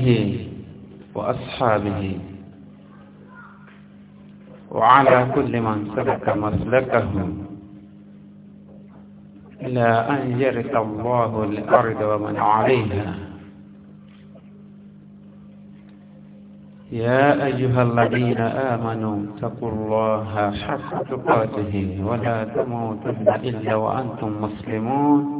آله وأصحابه وعلى كل من سلك مسلكه إلى أن يرث الله الأرض ومن عليها يا أيها الذين آمنوا اتقوا الله حق تقاته ولا تموتن إلا وأنتم مسلمون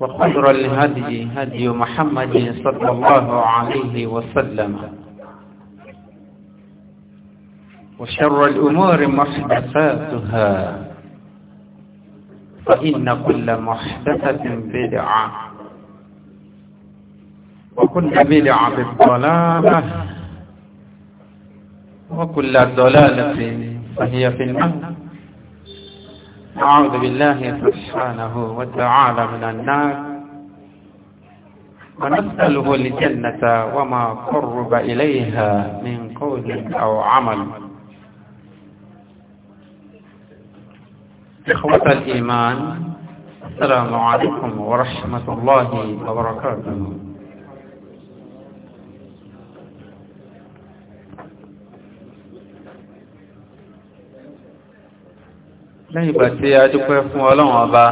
وخير الهدي هدي محمد صلى الله عليه وسلم وشر الأمور محدثاتها فإن كل محدثة بدعة وكل بدعة بالضلالة وكل ضلالة فهي في المهد أعوذ بالله سبحانه وتعالى من النار ونسأله الجنة وما قرب إليها من قول أو عمل إخوة الإيمان السلام عليكم ورحمة الله وبركاته lẹ́yìn ìgbà tí a dúpẹ́ fún ọlọ́run ọba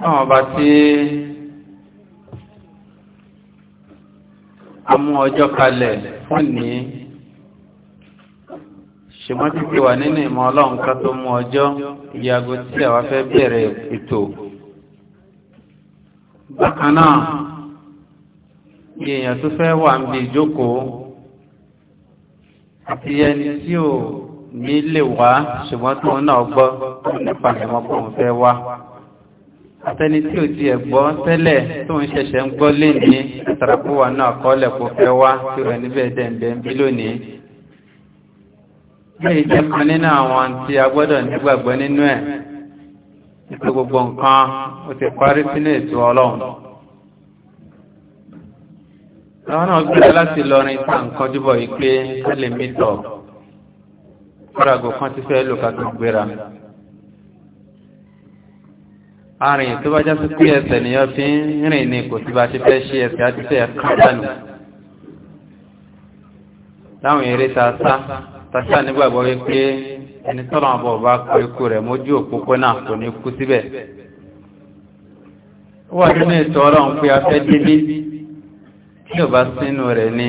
ọlọ́run ọba tí a mú ọjọ́ kalẹ̀ fún ní ṣùgbọ́n títí wà nínú ìmọ̀ ọlọ́run ká tó mú ọjọ́ ìyàgò tí àwa fẹ́ bẹ̀rẹ̀ ètò bákan náà èèyàn tó fẹ́ wà ń bi ìjókòó àti ẹni tí ò ní lè wá ṣùgbọ́n tó náà gbọ́ nípa ìwọ̀n kò ń fẹ́ wá àtẹni tí ò ti ẹ̀gbọ́ tẹ́lẹ̀ tó ń ṣẹ̀ṣẹ̀ ń gbọ́ lénìí àtàràkúwà náà kọ́lẹ̀ kò fẹ́ wá tí rẹ̀ níbẹ̀ dẹ̀ǹdẹ̀ ń bí lónìí lẹ́yìn jẹ́ kan nínú àwọn tí a gbọ́dọ̀ nígbàgbọ́ nínú ẹ̀ nípa gbogbo nǹkan ó ti parí sínú ètò Ọlọ́run àwọn náà gbé láti lọrin tá à ń kọjú bọ̀ yìí pé ká lè mí tọ̀ kọ́dàgò kan ti fẹ́ lò ká tó gbéra. arìn tó bá jásí pé ẹsẹ̀ nìyẹn fi ń rìn ni kò sí bá ṣe fẹ́ ṣe ẹsẹ̀ àti fẹ́ kádànù láwọn eré ta sá tàṣà nígbàgbọ́ wípé ẹni tọ́lọ̀ àbọ̀ bá kọ ikú rẹ̀ mójú òpópónà kò ní kú síbẹ̀. ó wà nínú ètò ọlọ́run pé a fẹ́ débí tí ò bá sínú rẹ̀ ní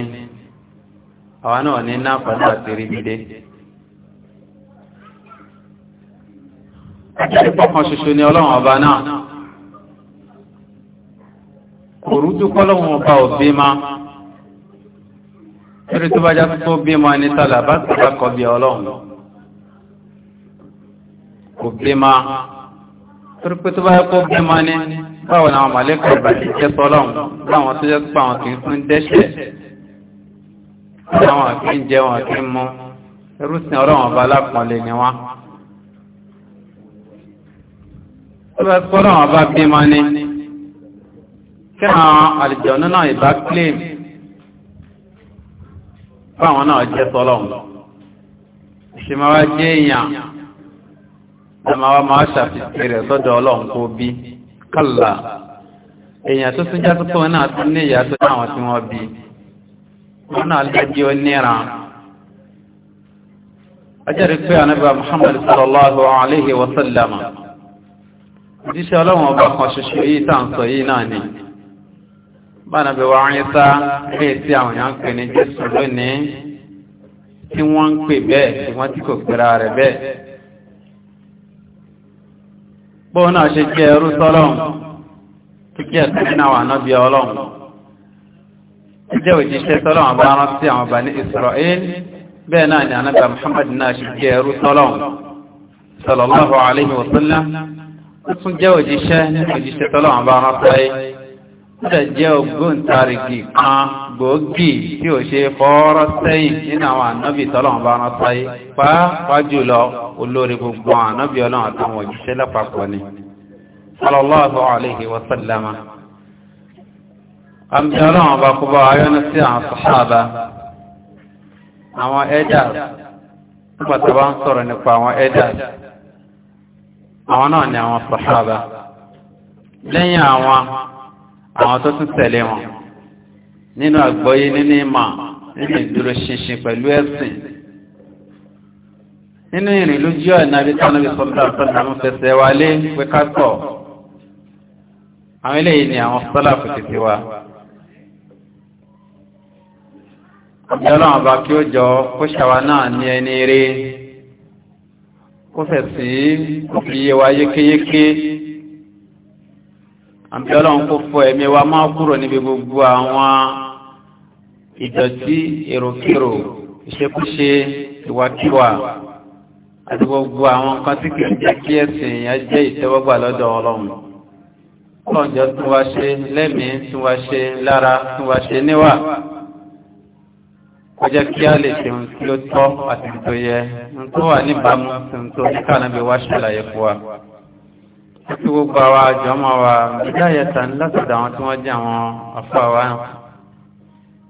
àwa náà ní náfàdà àti ríbidé ẹ̀pọ̀ kan ṣoṣo ni ọlọ́run ọba náà kò rújú kọ́lọ́run ọba òbí ma ẹ̀rí tó bá já tó bí ma ní tàlà bá tàbá kọ bí ọlọ́run kò bí ma torí pé tó bá yẹ kó bí ma ní báwo ni àwọn màlẹ́kà ìbàjẹ́ jẹ́ tọ́lọ́run láwọn tó jẹ́ pé àwọn kì í tún dẹ́ṣẹ̀ láwọn kì í jẹ wọn kì í mú irúsìn ọlọ́run ọba lápọ̀nlé ni wọ́n. ó bá sọ ọlọ́run ọba bímọ ni kí àwọn àlejò náà ìbá claim báwọn náà jẹ́ tọ́lọ́run ìṣèmáwá jẹ́ èèyàn àmàwá máa ṣàfihàn rẹ̀ sọ́dọ̀ ọlọ́run tó bí kàlà èèyàn tó tún jásọ tó náà tún ní ìyá tó dáwọn tí wọ́n bí wọn náà lẹ́jí ó níra ajẹ́rìí pé anábà Muhammad sallallahu alayhi wa sallam jíṣẹ́ ọlọ́wọ́n ọba kan ṣoṣo yìí tá à ń sọ yìí náà ni bánàbẹ̀ wa ayẹ́sá lè tí àwọn èèyàn ń pè ní Jésù lónìí tí wọ́n ń pè bẹ́ẹ̀ tí wọ́n ti kò pera rẹ̀ bẹ́ẹ̀ bóun náà ṣe jẹ́ ẹrú sọ́lọ́run tó kí ẹ̀sìn nínú àwọn ànábì ọlọ́run ó jẹ́ òjíṣẹ́ sọ́lọ́run àbá rán sí àwọn Bani Israel bẹ́ẹ̀ náà ni ànábì Muhammad náà ṣe jẹ́ ẹrú sọ́lọ́run sallallahu alaihi wa ó tún jẹ́ òjíṣẹ́ òjíṣẹ́ sọ́lọ́run àbá rán sáyé tẹ̀ jẹ́ ògbóǹtarìgì kan gbòógì tí ò ṣe fọ́ọ́rọ́ sẹ́yìn nínú àwọn ànábì tọ́lọ̀wọ̀n bá rán sáyé pàápàá jùlọ olórí gbogbo ànábì ọlọ́run àtàwọn òjíṣẹ́ lápapọ̀ ni sallallahu alaihi wa sallama àmì ọlọ́run àwọn tó tún tẹ̀lé wọn nínú àgbọ́yé nínú ìmọ̀ nínú ìdúró ṣinṣin pẹ̀lú ẹ̀sìn nínú ìrìn lójú ọ̀nà bí tánàbí sọ́dọ̀ sọ́dọ̀ mú fẹsẹ̀ wálé pé ká sọ àwọn eléyìí ni àwọn sọ́làfù ti fi wa ọlọ́run ọba kí ó jọ kó ṣàwa náà ní ẹni rí kó fẹ̀ sí kó fi yé wa yékéyéké àbí ọlọ́run kò fọ ẹ̀mí wa máa kúrò níbi gbogbo àwọn ìdọ̀tí èròkérò ìṣekúṣe ìwàkiwà àti gbogbo àwọn nǹkan tí kìí jẹ́ kí ẹ̀sìn yẹn jẹ́ ìtẹ́wọ́gbà lọ́dọ̀ ọlọ́run ọlọ́njọ́ tún wá ṣe lẹ́mìí tún wá ṣe lára tún wá ṣe níwà kó jẹ́ kí a lè ṣe ohun tí ó tọ́ àti tó yẹ ohun tó wà níbàámu ohun tó ní kànáà bí wá ṣàlàyé fún wa títí gbogbo àwa àjọmọ wa bídáyẹta látọ̀dọ̀ àwọn tí wọ́n jẹ́ àwọn afọ àwa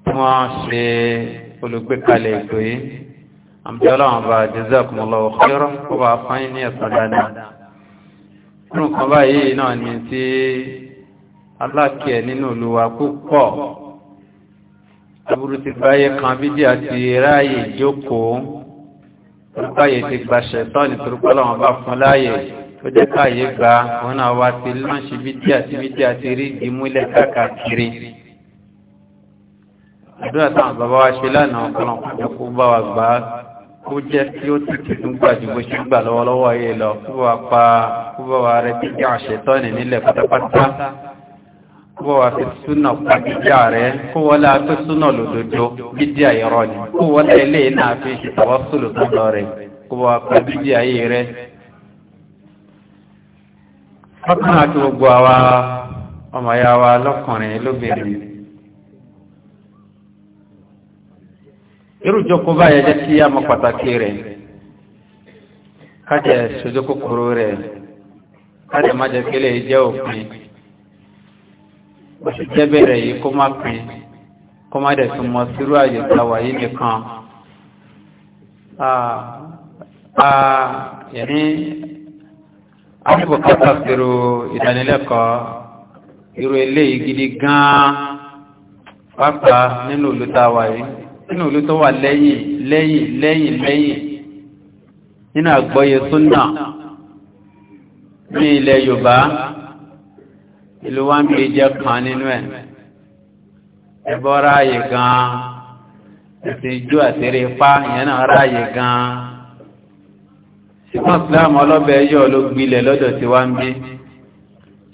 tí wọ́n ṣe olùgbékalẹ̀ ètò yìí àmì ọlọ́run bá jazakumullahu khairan kó bá fáyín ní ẹ̀sán dáadáa nínú kan báyìí náà ni tí alákẹ̀ẹ́ nínú olùwà púpọ̀ aburú ti gbáyé kan bídí àti ráàyè jókòó torípáyé ti gbaṣẹ̀ tọ́ nítorí pé ọlọ́run bá fún láàyè ó jẹ́ káàyè gba òun náà wá ti lọ́ọ̀ṣì fídíò àti fídíò àti rí ìmúlẹ̀ káàkiri. àdúrà táwọn bàbá wa ṣe lánàá ọ̀pọ̀lọpọ̀ pàtó kó bá wa gbà á kó jẹ́ kí ó ti tuntun gbà ju bó ṣe gbà lọ́wọ́lọ́wọ́ yìí lọ kó bá wa pa kó bá wa rẹ bíjà àṣetọ́ni nílẹ̀ pátápátá kó wa fi súnà pàdíjà rẹ̀ kó wọlé afẹ́ súnà lòdòdó bídíà ìrọ̀ ni kó wọlé ilé náà fi ṣe ọkàn àti gbogbo àwa ọmọ ya wa lọ́kùnrin lóbìnrin irújókòó báyẹn jẹ́ kí a mọ pàtàkì rẹ̀ kájẹ sojú kòkòrò rẹ̀ kájẹ má jẹ́ kí lè jẹ́ òpin oṣù jẹ́bẹ̀rẹ̀ yìí kó má pin kó má dẹ̀ tún mọ sírú àyè táwa yìí nìkan. Ah, ah, yẹn àbúkọ́tà fèrò ìdánilẹ́kọ̀ọ́ irú eléyìí gidi gan-an pápá nínú ìlú tá a wà yìí nínú ìlú tó wà lẹ́yìn lẹ́yìn nínú àgbọ́yé súnà ní ilẹ̀ Yorùbá ìlú wa ń bí jẹ́ kan nínú ẹ̀ ẹ̀bọ́ ráàyè gan-an ẹ̀sìn ijó àti eré ipá ìyẹn náà ráàyè gan ṣùgbọ́n islam ọlọ́bẹ̀ yọ ló gbilẹ̀ lọ́dọ̀ tí wá ń bí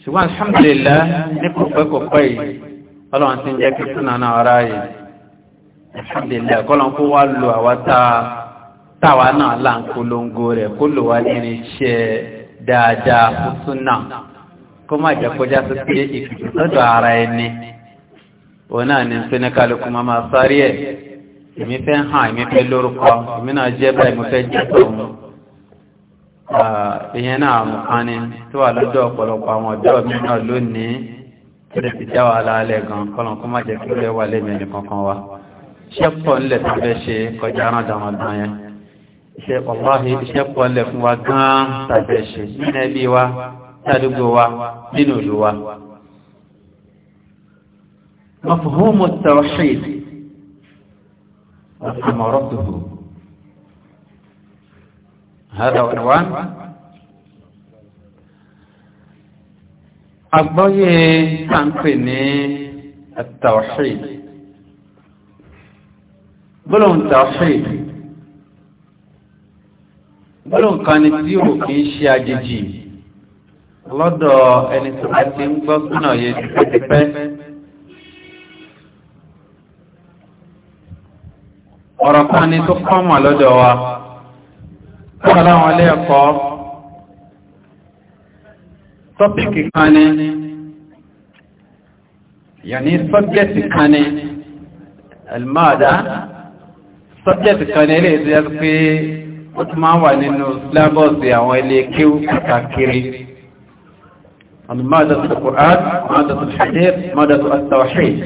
ṣùgbọ́n alhamdulillah ní kọ̀pẹ́kọ̀pẹ́ yìí ọlọ́run ti ń jẹ́ kí súnà náà ara yìí alhamdulillah kọ́lọ́n kó wá lo àwa táwa náà là ń polongo rẹ̀ kó lò wá nínú iṣẹ́ dáadáa fún súnà kó má jẹ́ kọjá sí pé ìkìkì sọ́dọ̀ ara ẹni òun náà ní sẹ́nẹ́kálukú máa sáré ẹ̀ èmi fẹ́ hàn èmi fẹ́ lórúkọ èmi náà jẹ́ báyìí mo fẹ́ jẹ́ tòun ìyẹn náà mọ̀kán ni tó wà lọ́dọ̀ ọ̀pọ̀lọpọ̀ àwọn ọ̀dọ́ mi náà lónìí tó lè fi já wa lálẹ́ gan kọ́lọ̀ kó má jẹ́ kí lè wà lẹ́mìí ẹni kankan wa iṣẹ́ pọ̀ ńlẹ̀ tó fẹ́ ṣe kọjá rán dandan yẹn iṣẹ́ ọ̀láhì هذا عنوان àgbọ́yé sáńpè ní التوحيد gbọ́lọ̀n التوحيد gbọ́lọ̀n kan ni tí ò kí ń ṣe àjèjì lọ́dọ̀ ẹni tó bá ti ń gbọ́ súnà yẹ tipẹ́tipẹ́ ọ̀rọ̀ kan ni tó kọ́mọ̀ lọ́dọ̀ wa kọ́lá wọn lẹ́ẹ̀kọ́ tọ́pìkì kan ní yàní sọ́bjẹ́tì kan ní almada sọ́bjẹ́tì kan ní ilé ìdíyà pé ó tún máa wà nínú slavos àwọn ilé kíw kàkiri almada tó kùrán mada tó hadith mada tó astawahid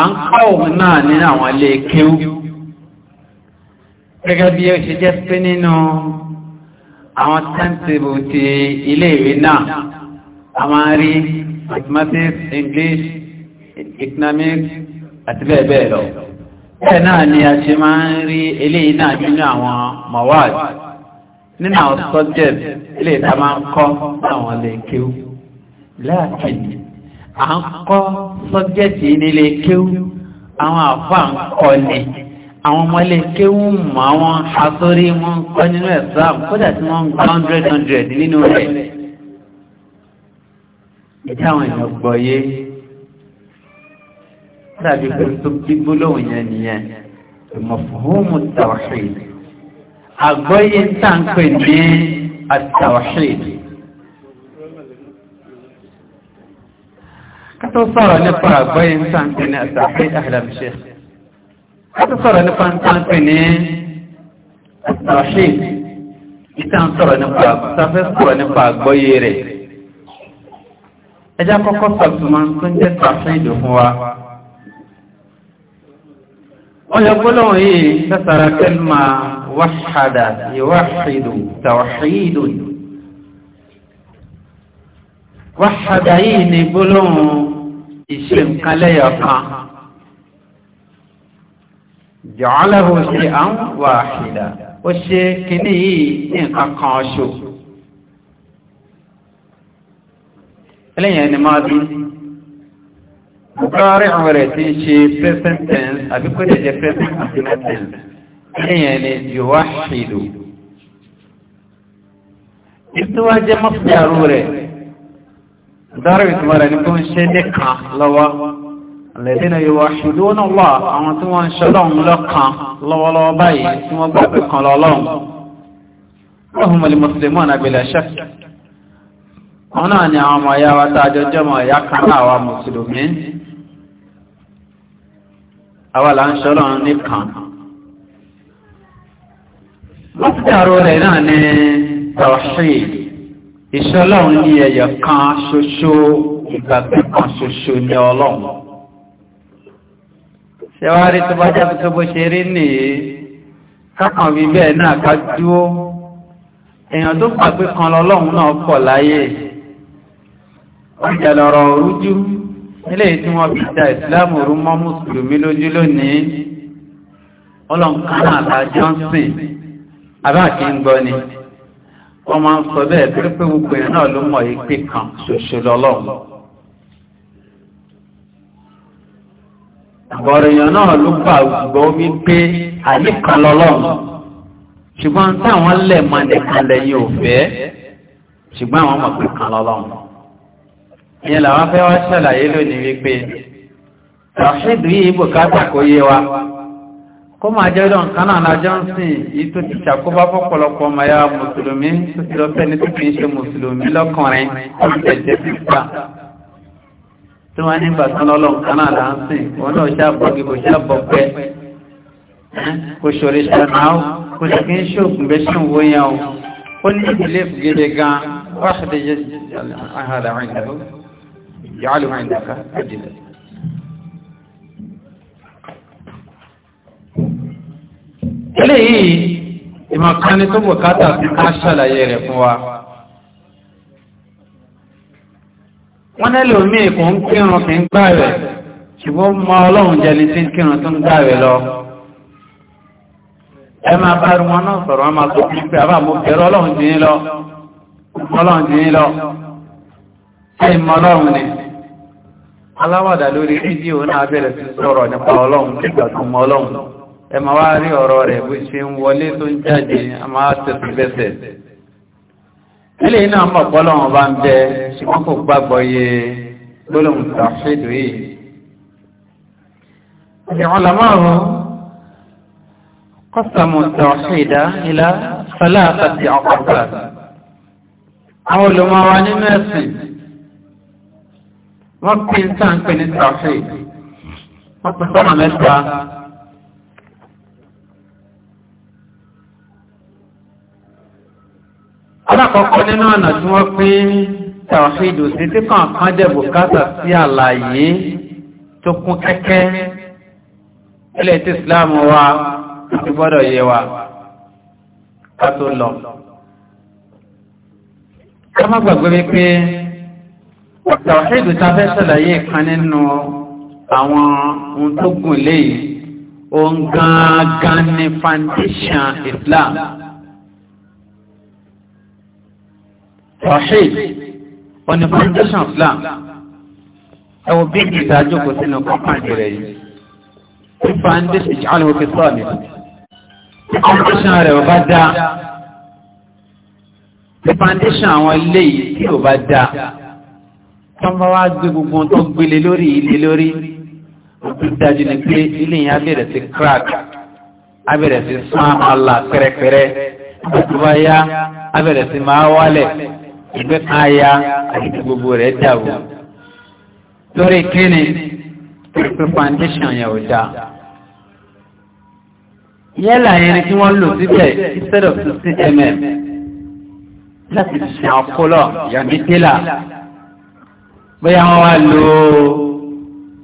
à ń kọ́ òun náà ní àwọn ilé kíw gẹ́gẹ́ bí ó ṣe jẹ́ pé nínú àwọn timetable ti iléèwé náà a máa rí mathematics english economics àti bẹ́ẹ̀ bẹ́ẹ̀ lọ bẹ́ẹ̀ náà ni a ṣe máa ń rí eléyìí náà nínú àwọn mawad nínú àwọn subject eléyìí tá a máa ń kọ́ láwọn lè kéwú à ń kọ́ subject yìí nílé kéwú àwọn àfáà ń kọ́ ni àwọn ọmọ ilé kéwù mọ́ àwọn asọ́rí wọn kọ́ nínú exam kódà tí wọ́n ń gba hundred hundred nínú rẹ̀ ìdí àwọn èèyàn gbọ́ yé dàbí pé tó gbígbó lóhùn yẹn nìyẹn mọ̀fúnmù tawhid àgbọ́yé tá à ń pè ní àtàwhid. kátó sọ̀rọ̀ nípa àgbọ́yé tá à ń pè ní àtàwhid ahlam kátó sọ̀rọ̀ nípa ntáǹpì ní rashid ìta ń sọ̀rọ̀ nípa sáfẹ́ sọ̀rọ̀ nípa àgbọ́yé rẹ̀ ẹjá kọ́kọ́ sọ̀tùmọ̀ tó ń jẹ́ rashid fún wa wọ́n yọ gbólóhùn yìí sẹ́sàrà kẹ́lùmà wáṣàdà ìwáṣìdù tàwáṣìdù jọ̀ọ́lẹ́hùn sí à ń wà àṣìdá ó ṣe kìíní yìí ní nǹkan kan ọṣù ẹlẹ́yìn ẹni máa bí bukari ọ̀rẹ́ tí ṣe present tense àbí kó lè jẹ́ present tense ẹlẹ́yìn ẹni yòówá ṣìlò ìtura jẹ́ mọ́fìyàrú rẹ̀ dárí ìtumọ̀ ní kó ń ṣe ní lọ́wọ́ الذين يوحدون الله àwọn tí wọ́n ń ṣọlọ́run lọ́kan lọ́wọ́lọ́wọ́ báyìí tí wọ́n gbà pé kan lọ́lọ́run وهم المسلمون بلا شك kan náà àwa mùsùlùmí àwa là ṣẹwárí tó bá jẹ́ tó bó ṣe rí nìyí kákan wí bẹ́ẹ̀ náà ká dúó èèyàn tó pàgbé kan lọ́lọ́run náà pọ̀ láyé ọjà lọ́rọ̀ rújú nílé tí wọ́n fi da ìsìláàmù rú mọ́ mùsùlùmí lójú lónìí ọlọ́nkánà àbá johnson àbá ni wọ́n máa ń sọ bẹ́ẹ̀ pé pé gbogbo èèyàn náà ló mọ̀ yìí kan ṣoṣo lọ́lọ́run ọ̀rọ̀yàn náà ló gbà gbọ́ mi àyíkan lọ́lọ́run ṣùgbọ́n táwọn lẹ̀ mọ́ nìkan lẹ́yìn òfẹ́ ṣùgbọ́n àwọn mọ̀ pé kan lọ́lọ́run. ìyẹn làwọn fẹ́ wá ṣàlàyé lónìí wípé rashid yìí bùkátà kò yé wa kó máa jẹ́ ọdún kan náà yìí tó ti ṣàkóbá fọ́pọ̀lọpọ̀ ọmọ mùsùlùmí tó ti tó fi ń ṣe mùsùlùmí lọ́kùnrin tí wọ́n nígbà tán lọ́lọ́n kanáà là ń sìn wọ́n náà ṣàbọ̀ kí kò ṣàbọ̀ pẹ́ kò ṣòro ṣànáà kò sì kí ń ṣòkùn bẹ́ ṣùn wó yẹn o ó ní ìdílé gẹ́gẹ́ gan wáṣọ̀dé wọ́n nílò mí kò ń kírun kì ń gbà rẹ̀ ṣùgbọ́n mọ ọlọ́run jẹni tí ń kírun tó ń gbà rẹ̀ lọ ẹ máa bá wọn náà sọ̀rọ̀ wọn máa tó kí pé àbá mo bẹ̀rẹ̀ ọlọ́run jìn lọ ọlọ́run jìn lọ ṣé ìmọ̀ ọlọ́run ni aláwàdà lórí fídíò náà bẹ̀rẹ̀ sí sọ̀rọ̀ nípa ọlọ́run nígbà tó mọ ọlọ́run ẹ máa wá rí ọ̀rọ̀ rẹ̀ bó ṣe ń wọlé tó ń jáde a máa tẹ̀sí bẹ́sẹ̀ ilé iná mọ̀ pọ́lọ́wọ́n bá ń bẹ ṣùgbọ́n kò gbàgbọ́ yé gbólóhùn tàfíìdù yìí. ìwọ̀n làmáàrún kọ́sàmù tàfíìdà ilá sọlá àtàtì ọ̀pọ̀pọ̀ àwọn olùmọ̀wá nínú ẹ̀sìn wọ́n pín sáà ní tàfíìdù wọ́n pín sọ́nà mẹ́ta alákọ̀ọ́kọ́ nínú ọ̀nà tí wọ́n pín tàwàfíìdù sí tí kọ̀ọ̀kan jẹ́ bùkátà sí àlàyé tó kún kẹ́kẹ́ ilẹ̀ tí ìsìláàmù wa ti gbọ́dọ̀ yé wa ká tó lọ. ká má gbàgbé wípé tàwàfíìdù ta fẹ́ ṣàlàyé kan nínú àwọn ohun tó gùn léyìí ohun gangan ni foundation Islam. Tawhid wọn ni foundation Islam ẹwọ bí ìgbìta jókòó sínú kọ́pàndì rẹ̀ yìí tí foundation ìjọ́lùwò fi sọ ní foundation rẹ̀ ò bá dá tí foundation àwọn ilé yìí tí ò bá dá tọ́mbà wá gbé gbogbo tó gbélé lórí ilé lórí òtún dájú ni pé ilé yẹn abẹ́rẹ́ sí crack abẹ́rẹ́ sí sán àlà pẹ́rẹ́pẹ́rẹ́ àti wáyá abẹ́rẹ́ sí máa wálẹ̀ ìgbẹ́ kan ya àti gbogbo rẹ̀ dàrú lórí kíni pípín foundation yẹn ò dáa yẹn láyẹn ni kí wọ́n lò síbẹ̀ instead of sixteen mm láti ṣe àkọlọ̀ yàmí tẹ́lá bóyá wọ́n wá lò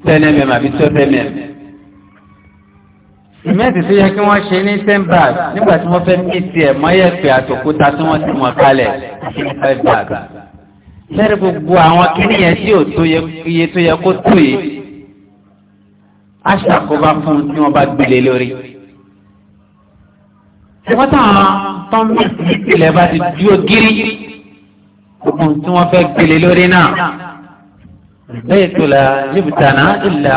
ten mm àbí twelve mm sìmẹ́ǹtì tó yẹ kí wọ́n ṣe ní ten bag nígbà tí wọ́n fẹ́ mí tiẹ̀ mọ́yẹ̀pẹ̀ àtòkúta tí wọ́n ti mọ̀ kalẹ̀ àti ní five bag. sẹ́rí gbogbo àwọn kíníyẹn tí ò tó iye tó yẹ kó tó yìí á fún tí wọ́n bá gbélé lórí. ṣùgbọ́n táwọn tó ń bí ìpìlẹ̀ bá ti dúró gírí gbogbo tí wọ́n fẹ́ gbélé lórí náà. lẹ́yìn tó la yóò bìtànà ìlà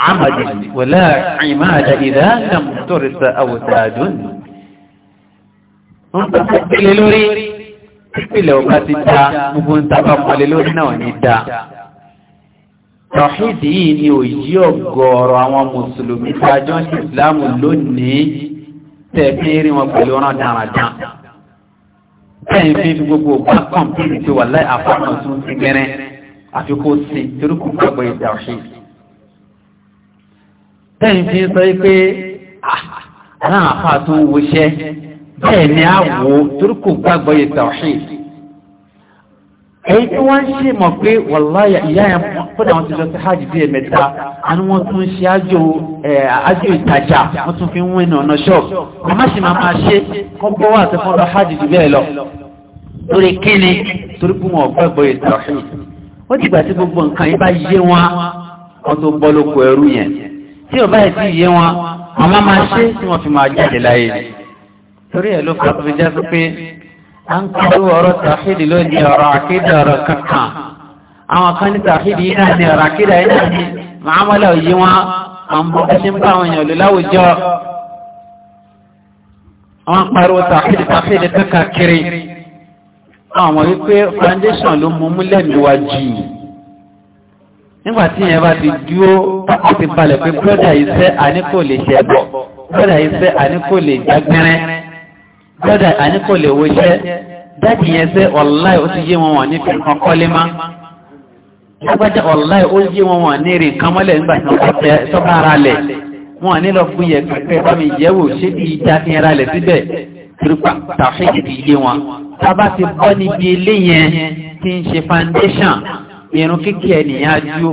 عمد ولا عماد إذا لم ترث أوتاد wọ́n tó pèlè lórí pípìlẹ̀ ọba ti dá gbogbo ń tàbá pọ̀lẹ̀ lórí náà ní dá tọ̀hídì yìí ni òyí ọ̀gọ̀ọ̀rọ̀ àwọn mùsùlùmí tàjọ́ sí ìsìláàmù lónìí tẹ̀fẹ́rí wọn pẹ̀lú ọ̀ràn dáradán tẹ́yìn fi gbogbo bá kọ̀m̀pìtì wà láì àfọ́nà tún ti gẹ́rẹ́ àfikún sí torí kò gbàgbọ́ ìdàṣídì tẹ́yìn fi sọ pé ah, àwọn àfa tó ń woṣẹ́ bẹ́ẹ̀ ni a wò turku gbàgbọ́ yìí èyí tí wọ́n ṣe mọ̀ pé wàláyà ìyá yẹn kódà wọ́n ti lọ sí hajj bíi ẹ̀mẹ́ta àni wọ́n tún ṣe ájò ìtajà wọ́n tún fi ń wé ọ̀nà ṣọ́ọ̀bù wọ́n má ṣe máa máa ṣe kọ́ tí ò báyìí ti yé wọn àmá máa ṣe tí wọ́n fi máa jáde láyé torí ẹ̀ ló fà tó fi jásí pé a ń kọ́ ọ̀rọ̀ tàfíìdì lónìí ọ̀rọ̀ àkídà ọ̀rọ̀ kankan àwọn kan ní tàfíìdì yìí náà ní ọ̀rọ̀ àkídà yìí náà ní màámọ́lá òye wọn àmọ́ ẹ ṣe ń bá àwọn èèyàn lò láwùjọ àwọn pariwo tàfíìdì tàfíìdì kankan kiri àwọn wípé foundation ló mú múlẹ̀ níwájú yìí nígbàtí yẹn bá ti dúó tàbí ti balẹ̀ pé brọ́dà yìí fẹ́ àníkò lè ṣẹbọ brọ́dà yìí fẹ́ àníkò lè jágbẹ́rẹ́ brọ́dà àníkò lè wọṣẹ́ dájì yẹn fẹ́ ọ̀láì ó ti yé wọn wọ̀n ní fi nǹkan kọ́lé má lágbájá ọ̀láì ó yé wọn wọ̀n ní rìn kan mọ́lẹ̀ nígbà tí wọ́n fẹ́ sọ́ba ti ṣe foundation irun kíkẹ́ ènìyàn adúó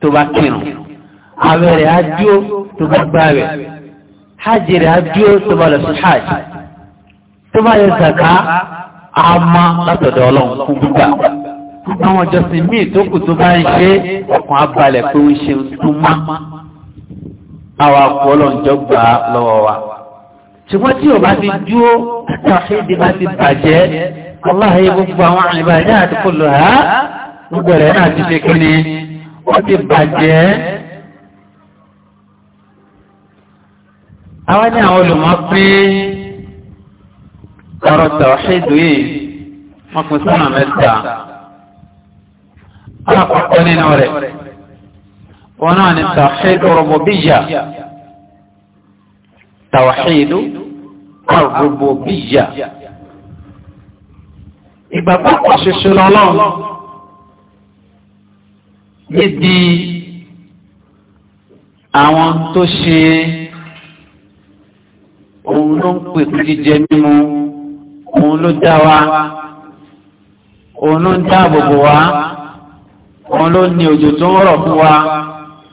tó bá kírun àwẹ̀ rẹ̀ adúó tó bá gbààwẹ̀ hajj rẹ̀ adúó tó bá lọ sí hajj tó bá yẹ zaka àmà látọ̀dọ̀ ọlọ́run fún gbígbà àwọn ọjọ́sìn míì tó kù tó bá ń ṣe ọkàn abalẹ̀ pé ń ṣe túmọ̀ àwọn akọ ọlọ́njọ́ gbà lọ́wọ́ wa ṣùgbọ́n tí o bá ti dúó tàbí ìdí bá ti bàjẹ́ aláhàyè gbogbo àwọn àìbàjẹ́ àti kò lò ha gbogbo rẹ̀ náà ti ṣe kí ni ó ti bàjẹ́ àwọn ní àwọn olùmọ̀ pé ọ̀rọ̀ tàwáṣẹ́dù yìí wọ́n pín sọ́nà mẹ́ta alákọ̀ọ́kọ́ nínú rẹ̀ wọn náà ni tàwáṣẹ́dù rọ̀bọ̀bíyà tàwáṣẹ́dù rọ̀bọ̀bíyà ìgbàgbọ́ kan ṣoṣo lọ́lọ́run níbi àwọn tó ṣe òun ló ń pè fún jíjẹ mímu òun ló dá wa òun ló ń dáàbò bò wá òun ló ní òjò tó ń rọ̀ fún wa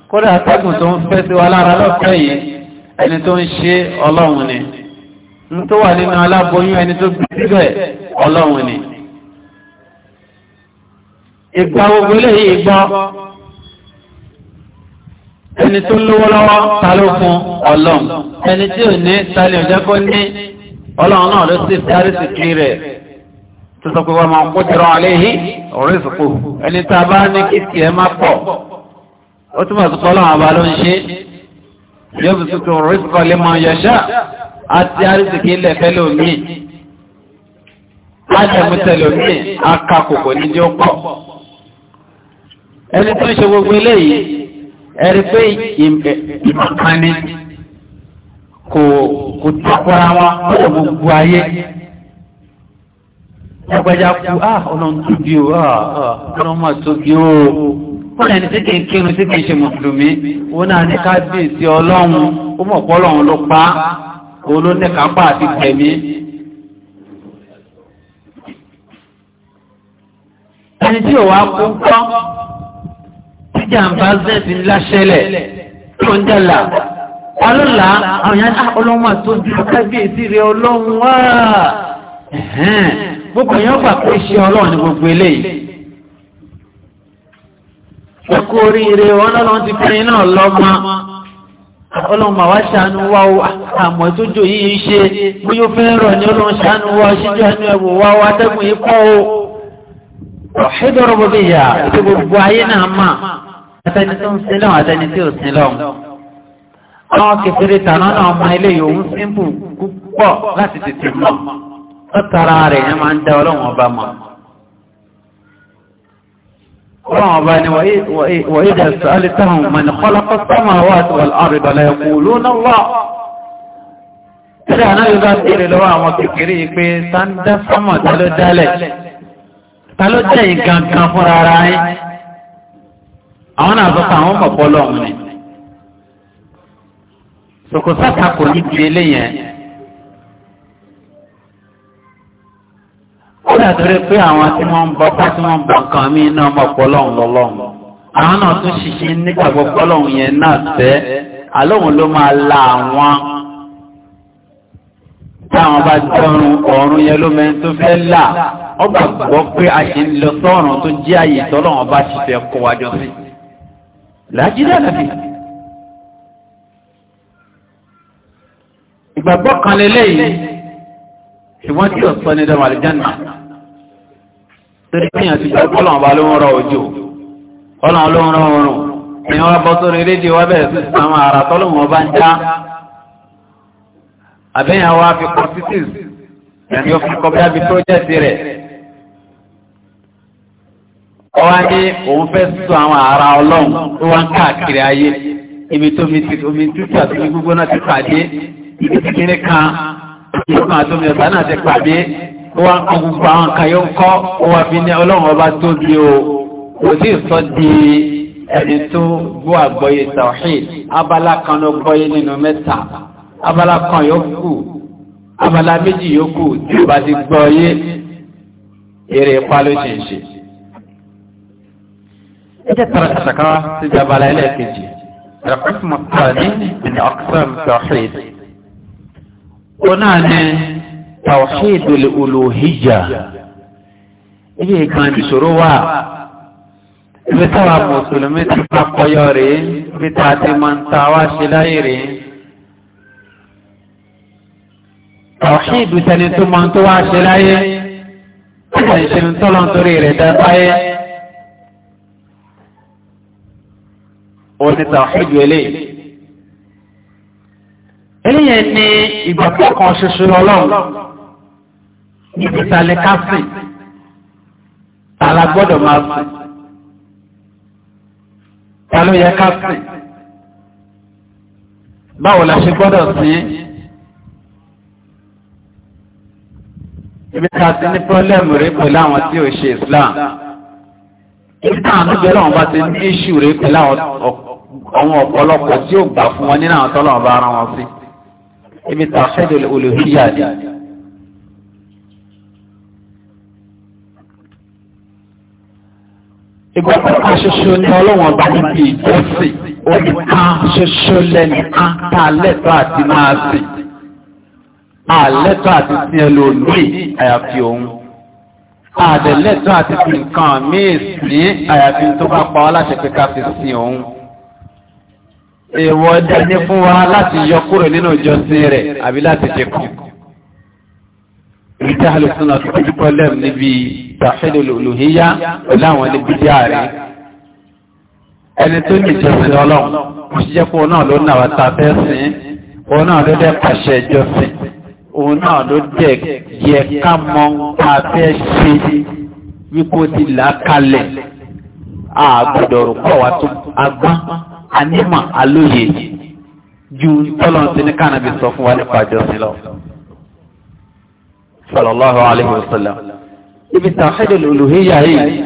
kódà atẹ́gùn tó ń fẹ́ sí wa lára lọ́pẹ́ yìí ẹni tó ń ṣe ọlọ́run ni ní tó wà nínú aláboyún ẹni tó gbé síbẹ̀ ọlọ́run ni ìgbà gbogbo eléyìí gbọ́ ẹni tó lówó lọ́wọ́ ta ló fún ọlọ́run ẹni tí ò ní tálẹ̀ òjẹ́ kó ní ọlọ́run náà ló sì dárí sí kí rẹ̀ tó sọ pé wọ́n máa kó jẹrọ àléhì ọ̀rọ̀ ìsìnkú ẹni tá a bá ní kí tiẹ̀ má pọ̀ ó túmọ̀ sí pọ́ ọlọ́run àbá ló ń ṣe yóò fi tuntun ọ̀rọ̀ ìsìnkú lè máa yọ̀ṣà àti àrísìkí ilẹ̀ fẹ́ lómi lájẹ̀mútẹ̀ lómi akakòkò níjọ́ pọ̀ ẹni tó ń ṣe gbogbo eléyìí ẹ̀rí pé ìmọ̀kánni kò kò takora wọn lọ́dọ̀ gbogbo ayé ẹgbẹ́já kú á ah, ọlọ́run tóbi o á ah, ah, ọlọ́run máa tóbi o wọ́n ẹni tí kì í kírun tí kì í ṣe mùsùlùmí wọ́n náà ní kábíyèsí ọlọ́run ó mọ̀ pọ́ ló pa á àti tẹ̀mí. ẹni tí ò wá kú ń jàǹbá zẹ́ẹ̀sì ńlá ṣẹlẹ̀ tó ń dàlà alọ́là àwọn yẹn ah, ọlọ́run máa tó bí kábíyèsí rẹ ọlọ́run wá gbogbo yẹn gbà pé ṣe ọlọ́run ní gbogbo eléyìí. ẹ̀kú oríire ọlọ́run ti fẹ́yìn náà lọ́mọ ọlọ́run màá wá ṣàánú wá o àmọ́ tó jò yìí ṣe bí yóò fẹ́ rọ̀ ní ọlọ́run ṣàánú wá ṣíjú ẹnu ẹ̀wò wá o atẹ́gùn yìí pọ̀ o. ọ̀hídọ̀rọ̀ bọ̀ bí yà ètò gbogbo ayé náà máa. Àtẹni tó ń sin lọ́wọ́ àtẹni tí ò sin lọ́wọ́. Àwọn kẹfẹ́rẹ́ tàná náà mọ ilé yòówù símbù púpọ̀ láti tètè mọ̀. Ó tara rẹ̀ ẹ máa ń dá ọlọ́run ọba mọ̀. Ọlọ́run ọba ni wọ́n yé dàsí alítàhùn mọ̀nì kọ́lọ́kọ́ sọ́mà wà àti wà àrùdọ̀lẹ̀ ẹ̀kú lónà Ṣé àná yóò bá béèrè lọ́wọ́ àwọn kékeré yìí pé sáńdá sọ́mọ̀ tá ló dálẹ̀? àwọn náà sọ pé àwọn mọ̀ bọ́lọ̀ ọ̀hún ni sòkòsàkà kò ní di eléyẹn ó dàtúrẹ pé àwọn tí wọ́n ń bọ́ bá tí wọ́n ń bọ̀ nǹkan mí iná ọmọ ọ̀pọ̀lọ́hún lọ́lọ́hún àwọn náà tún ṣiṣẹ́ nígbàgbọ́ pọ́lọ́hún yẹn náà fẹ́ àlóhùn ló máa la àwọn táwọn bá dọrùn ọ̀run yẹn ló mẹ́rin tó fẹ́ là ọgbà gbọ́ pé a ṣe ń lọ sọ́ọ̀rùn tó jẹ́ àyè tọ́lọ́wọ́n bá ṣiṣẹ́ kó wájọ sí i làjídá nàbí. ìgbàgbọ́ kan lélẹ́yìí ṣùgbọ́n tí ò sọ ní dẹ́wọ̀n àlìjánà torí pé èèyàn ti gbà kọ́ lọ́wọ́ bá ló ń rọ òjò ọlọ́run ló ń rọ oòrùn ni wọ́n bọ́ sórí rédíò wọ́n bẹ̀rẹ̀ sí sàmà àrà tọ́lọ́wọ́n bá ń já àbẹ́yàn wa fi kọ́ títì ẹ̀mí ó fi kọ́ bí a fi tó jẹ́ tirẹ̀ ọwá ní òun fẹ́ sọ àwọn ara ọlọ́run ó wá ń káàkiri ayé ibi tó mi tútù àti ibi gbígbóná ti pàdé ibi kíkiri kan ìgbìmọ̀ àtòmí ọ̀sán náà ti pàdé ó wá ń kọ gbogbo àwọn nǹkan ń kọ́ ó wá fi ní ọlọ́run ọba tó bí o kò sí sọ di ẹni tó gbọ́ àgbọ́yé tawhid abala kan ló gbọ́yé nínú mẹ́ta abala kan yóò kù abala méjì yóò kù tí ó bá ti gbọ́yé eré ipa ló ṣe ń ṣe ẹ jẹ́ tọrọ ṣàṣàkà wá sí ìjàmbá ẹlẹ́ẹ̀kejì ẹ̀kọ́sùmọ̀ tàbí ẹni ọ̀kọ́sọ̀m tawhid. ó náà ní tawhidul uluhiyya ibi ìkan ìṣòro wà ibi táwa mùsùlùmí ti pàkọyọ rèé ibi tá a ti máa ń ta wá ṣe láyé rèé. tawhid tẹni tó máa ń tó wá ṣe láyé ó sì ń ṣe ń tọ́lọ́ nítorí rẹ̀ dá báyé. òun ti tàwáhídù eléyìí. eléyìí ni ìgbà kọ̀ọ̀kan ṣoṣo ọlọ́run níbi ìtàlẹ̀ kásìn tààlà gbọ́dọ̀ máa sìn ta ló yẹ kásìn báwo la ṣe gbọ́dọ̀ sìn ibi ká ti ní pọ́lẹ́mù rí pẹ̀lú àwọn tí ò ṣe Islam ibi táwọn níbẹ̀ lọ́wọ́ bá ti ní iṣu rí pẹ̀lú àwọn ọ̀pọ̀ àwọn ọ̀pọ̀lọpọ̀ tí ó gbà fún wọn nínú àwọn tọ́lọ̀ bá ara wọn sí ibi tàfẹ́dẹ̀ olùhíyà ni. ìgbà kan ṣoṣo ní ọlọ́wọ́n bá níbi ìjọsìn omi kan ṣoṣo lẹ́nu kan tá a lẹ́tọ́ àti máa sìn a lẹ́tọ́ àti sin ẹlòmíì àyàfi òun a àti sin nǹkan míì sí àyàfi tó bá pa ọ́ láṣẹ pé ká fi sin òun èèwọ̀ dání fún wa láti yọ kúrò nínú ìjọsìn rẹ̀ àbí láti dẹkùn. ìdí àlùsùn àti pẹ̀lúpẹ̀lẹ́m níbi tàfẹ́lẹ̀ olùhíyá pẹ̀lú àwọn ilé bídíà rẹ̀. ẹni tó ní ìjọsìn ọlọ́run kò sí jẹ́ pé òun náà ló ń nàwà tá a fẹ́ sìn òun náà ló dẹ́ pàṣẹ ìjọsìn òun náà ló dẹ̀ yẹ ká mọ nǹkan fẹ́ ṣe wípé ó ti là á kalẹ̀ àgbọ̀dọ̀rùkọ̀ wa tó agbọ́n anímọ̀ alóye ju tọ́lọ̀ tí ní kánàbí sọ fún wa nípa àjọsìn lọ. sallallahu alayhi wa sallam ibi tàwáhídì lòlùhíyà yìí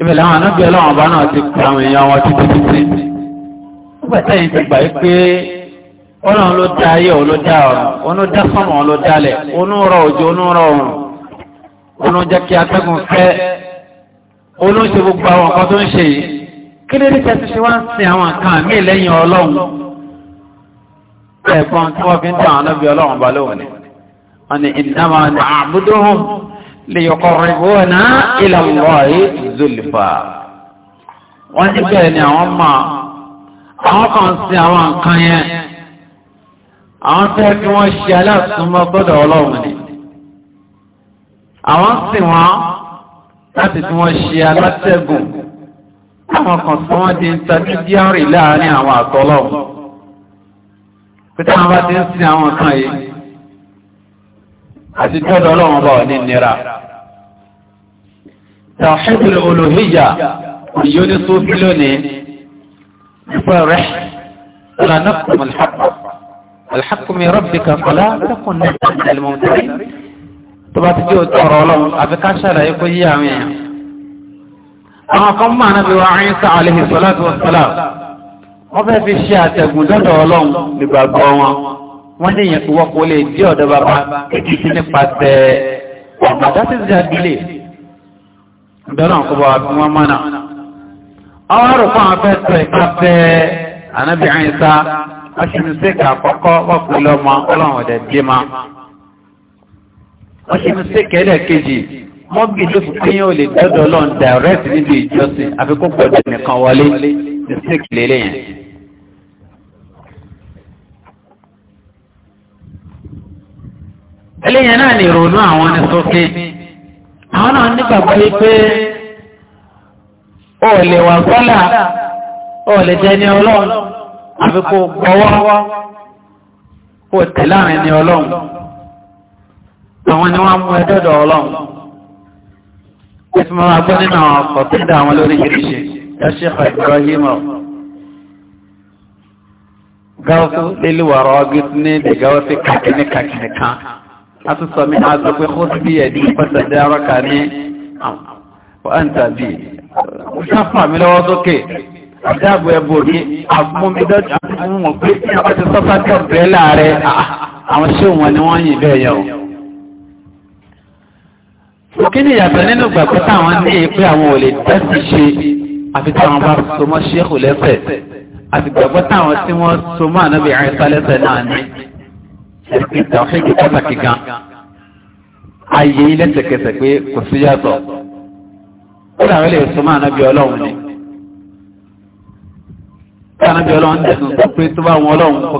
ìbẹ̀lẹ̀ àwọn anábì ọlọ́run ọba náà ti pa àwọn èèyàn wọn títí títí nígbà tẹ́yìn ti gbà pé ọlọ́run ló dá ayé òun ló dá ọ̀run òun dá sọ́mọ̀ òun ló dálẹ̀ òun rọ òjò òun rọ òrùn òun jẹ́ kí atẹ́gùn fẹ́ òun ṣe gbogbo àwọn nǹkan tó ń ṣe yìí kí lórí tẹ́tí ṣe wá ń sin àwọn kan mí lẹ́yìn ọlọ́run ẹ̀gbọ́n tí wọ́n fi ń tàn án lọ́bí ọlọ́run bá lóhùn ni wọ́n ni ìdámà ni àbúdóhùn lè yọkọ̀ rìbọ́nà ìlàlọ́ọ̀rí zolifà wọ́n ní bẹ́ẹ̀ ni àwọn máa àwọn kan sin àwọn nǹkan yẹn àwọn fẹ́ kí wọ́n ṣe aláàtúmọ̀ gbọ́dọ̀ ọlọ́run ni àwọn sìn wọ́n láti fi wọ́n ṣe alátẹ́gùn àwọn kan tí wọ́n di intermediary láàrin àwọn àtọ́lọ̀ pẹ́tẹ́ àwọn bá ti ń sin àwọn kan yìí àti tọ́dọ̀ ọlọ́run bá ní nira tàwíìdì olùhíyà yóò ní lónìí nípa rẹ̀ lọ́nà kùmùlùhàpù alḥakumi rabbika fala takun tó bá ti jẹ́ òtún ọ̀rọ̀ ọlọ́run àfikà ṣàlàyé kó yí àwọn èèyàn àwọn kan máa náà bí wọ́n àárín sáà lè sọ́lá tó sọ́lá wọ́n fẹ́ fi ṣe àtẹ̀gùn dọ́dọ̀ ọlọ́run nígbàgbọ́ wọn wọ́n ní ìyẹn kúwọ́ kó lè dí ọ̀dọ̀ bàbá ètùtù nípasẹ̀ ọ̀pàdá wọ́n bí tó fún yóò lè dọ́dọ̀ lọ́n direct níbi ìjọsìn àfikún pọ̀jù nìkan wọlé mistake lélẹ̀ yẹn. eléyẹn náà ní ìrònú àwọn ní sókè àwọn náà nígbàgbọ́ yìí pé ó lè wà sọ́là ó lè jẹ́ ní ọlọ́run àfikún gbọ́wọ́ kó tẹ̀lé àwọn ẹni ọlọ́run àwọn ni wọ́n mú ẹjọ́ dọ̀ ọlọ́run ẹ̀fí máa gbọ́ nínú àwọn ọkọ̀ tó dá àwọn lórí ìrìṣẹ́ ẹ̀ṣẹ́fà Ibrahima gáwọ́sí léliwàrọ̀ ọgbẹ́t ní ìdẹ̀gáwọ́sí kàkíní kàkíní kan a tún sọ mí àti pé kó sí ẹ̀dí pẹ́tẹ̀dẹ́ arọ́ka ní ọ̀ǹtàbí ṣáfà ní àwọn ṣé wọn ni wọ́n yìn yẹn o. Òkè ní ìyàtọ̀ nínú ìgbàgbọ́ táwọn ní pé àwọn ò lè dẹ́sì ṣe àfi táwọn bá so mọ́ ṣéhù lẹ́sẹ̀ àti ìgbàgbọ́ táwọn tí wọ́n so mọ́ ànábì àìsá lẹ́sẹ̀ náà ní ẹ̀sìn tàwọ́fẹ́kì pàtàkì gan. Ayé lẹ́sẹ̀kẹsẹ̀ pé kò sí yàtọ̀. Ó dàwọn lè so ànábì ọlọ́run ni. ọlọ́run tẹ̀sùn tó pé tó bá wọn ọlọ́run kò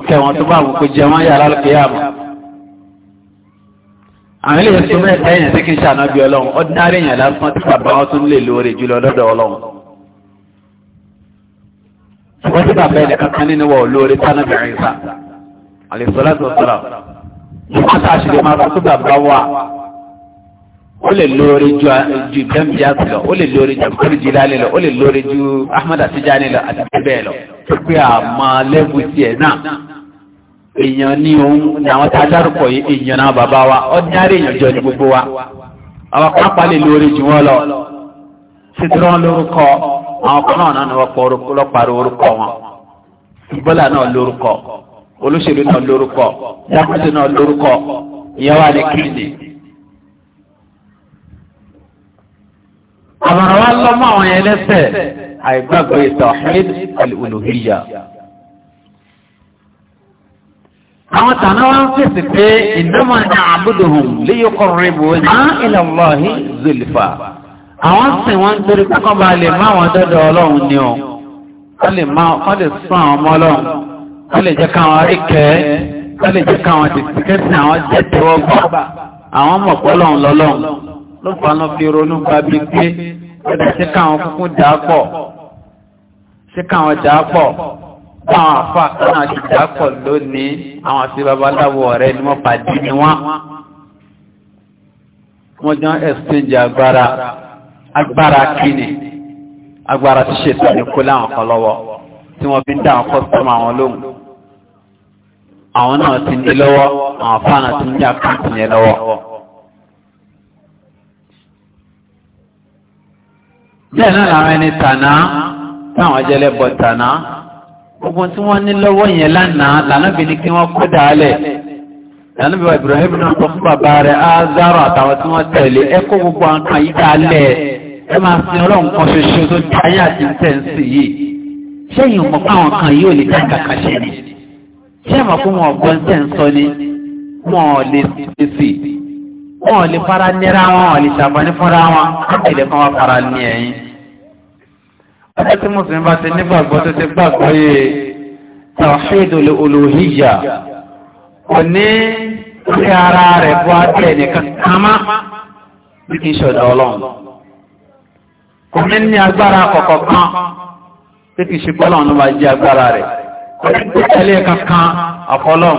àwọn ilé ìsọ bẹ́ẹ̀ lẹ́yìn tí kì í ṣàná bí ọlọ́run ordinary yẹn lásán tí bàbá wọn tún lè lóore jù lọ lọ́dọ̀ ọlọ́run. wọ́n ti bàbá ẹ̀dẹ̀ kankan nínú wọ̀ lóore tánà bẹ̀rẹ̀ sá àlèsọ́lá tó sọ̀rọ̀ wọ́n tà ṣe lè máa sọ pé bàbá wa ó lè lóore ju ju bẹ́ńbíyàtì lọ ó lè lóore ju kúrú jìlálẹ̀ lọ ó lè lóore ju Ahmad Atijani èèyàn ní ohun ní àwọn tá a dárúkọ yìí èèyàn náà bàbá wa ọ dárí èèyàn jọ ní gbogbo wa àwọn pápá lè lórí jù wọn lọ sitrọn lórúkọ àwọn kan náà náà wọ́pọ̀ lọ́pàá orúkọ wọn bọ́lá náà lórúkọ olóṣèlú náà lórúkọ dákúndé náà lórúkọ ìyàwó àti kìnìún. àbàrà wa lọ́mọ àwọn yẹn lẹ́sẹ̀ àìgbàgbọ́ ìtàn àwọn tàná wá ń fèsì pé ìdámọ̀ ní àbúdòhùn léyò kọrin bò ní ilẹ̀ ọlọ́hìn zèlìfà àwọn sì wọ́n ń torí pé kọ́ba lè má wọn dọ́dọ̀ ọlọ́run ni ọ wọ́n lè má wọ́n lè sún àwọn ọmọ ọlọ́run wọ́n lè jẹ́ káwọn rí kẹ́ wọ́n lè jẹ́ káwọn tètè kẹ́sì àwọn jẹ́ tẹ́wọ́ gbà àwọn ọmọ ọ̀pọ̀lọ́run lọ́lọ́run ló fà lọ fi ronú gba bí pé ẹ̀dá ṣe káwọn kúkú dàá pọ̀ pọ̀ táwọn afa náà ti dákọ̀ lónìí àwọn àti babaláwo ọ̀rẹ́ ni wọ́n pàdé ni wọ́n wọ́n jọ exchange agbára agbára kíni agbára ti ṣètò ìkó láwọn kan lọ́wọ́ tí wọ́n fi ń dá àwọn kọ́sítọ́mù àwọn lóhùn àwọn náà ti ní lọ́wọ́ àwọn fáànà ti ń àkáǹtì yẹn lọ́wọ́. bẹ́ẹ̀ náà làwọn ẹni tàná táwọn jẹ́lẹ́bọ̀ tàná gbogbo tí wọ́n ní lọ́wọ́ yẹn lánàá lànàbí ni kí wọ́n kó dàálẹ̀ lànàbí wa Ibrahim náà sọ fún bàbá rẹ̀ Azara àtàwọn tí wọ́n tẹ̀lé ẹ kó gbogbo nǹkan yìí dàálẹ̀ ẹ máa sin ọlọ́run kan ṣoṣo tó di ayé àti tẹ̀sí yìí ṣẹ́yìn mọ̀ fáwọn kan yóò lè dá nǹkan kan ṣe ni ṣé mọ̀ fún wọn ọ̀gbọ́n tẹ̀ ń sọ ni wọn lè fèsì wọn lè fara nira wọn lè ṣàbọ̀ ní fúnra wọn á tẹ̀lé fún wọn fara ní ẹ̀yìn ẹ̀kí mùsùlùmí bá ti nígbàgbọ́ tó ti gbàgbọ́ yé tawhidul uluhiyya kò ní sí ara rẹ̀ bó adé nìkan kama bí kì í ṣọ̀dọ̀ ọlọ́run kò ní ní agbára kọ̀kọ̀ kan bí kì í ṣe pọ́lọ́ ló máa jẹ́ agbára rẹ̀ kò ní gbé ẹlẹ́ kankan àfọlọ́run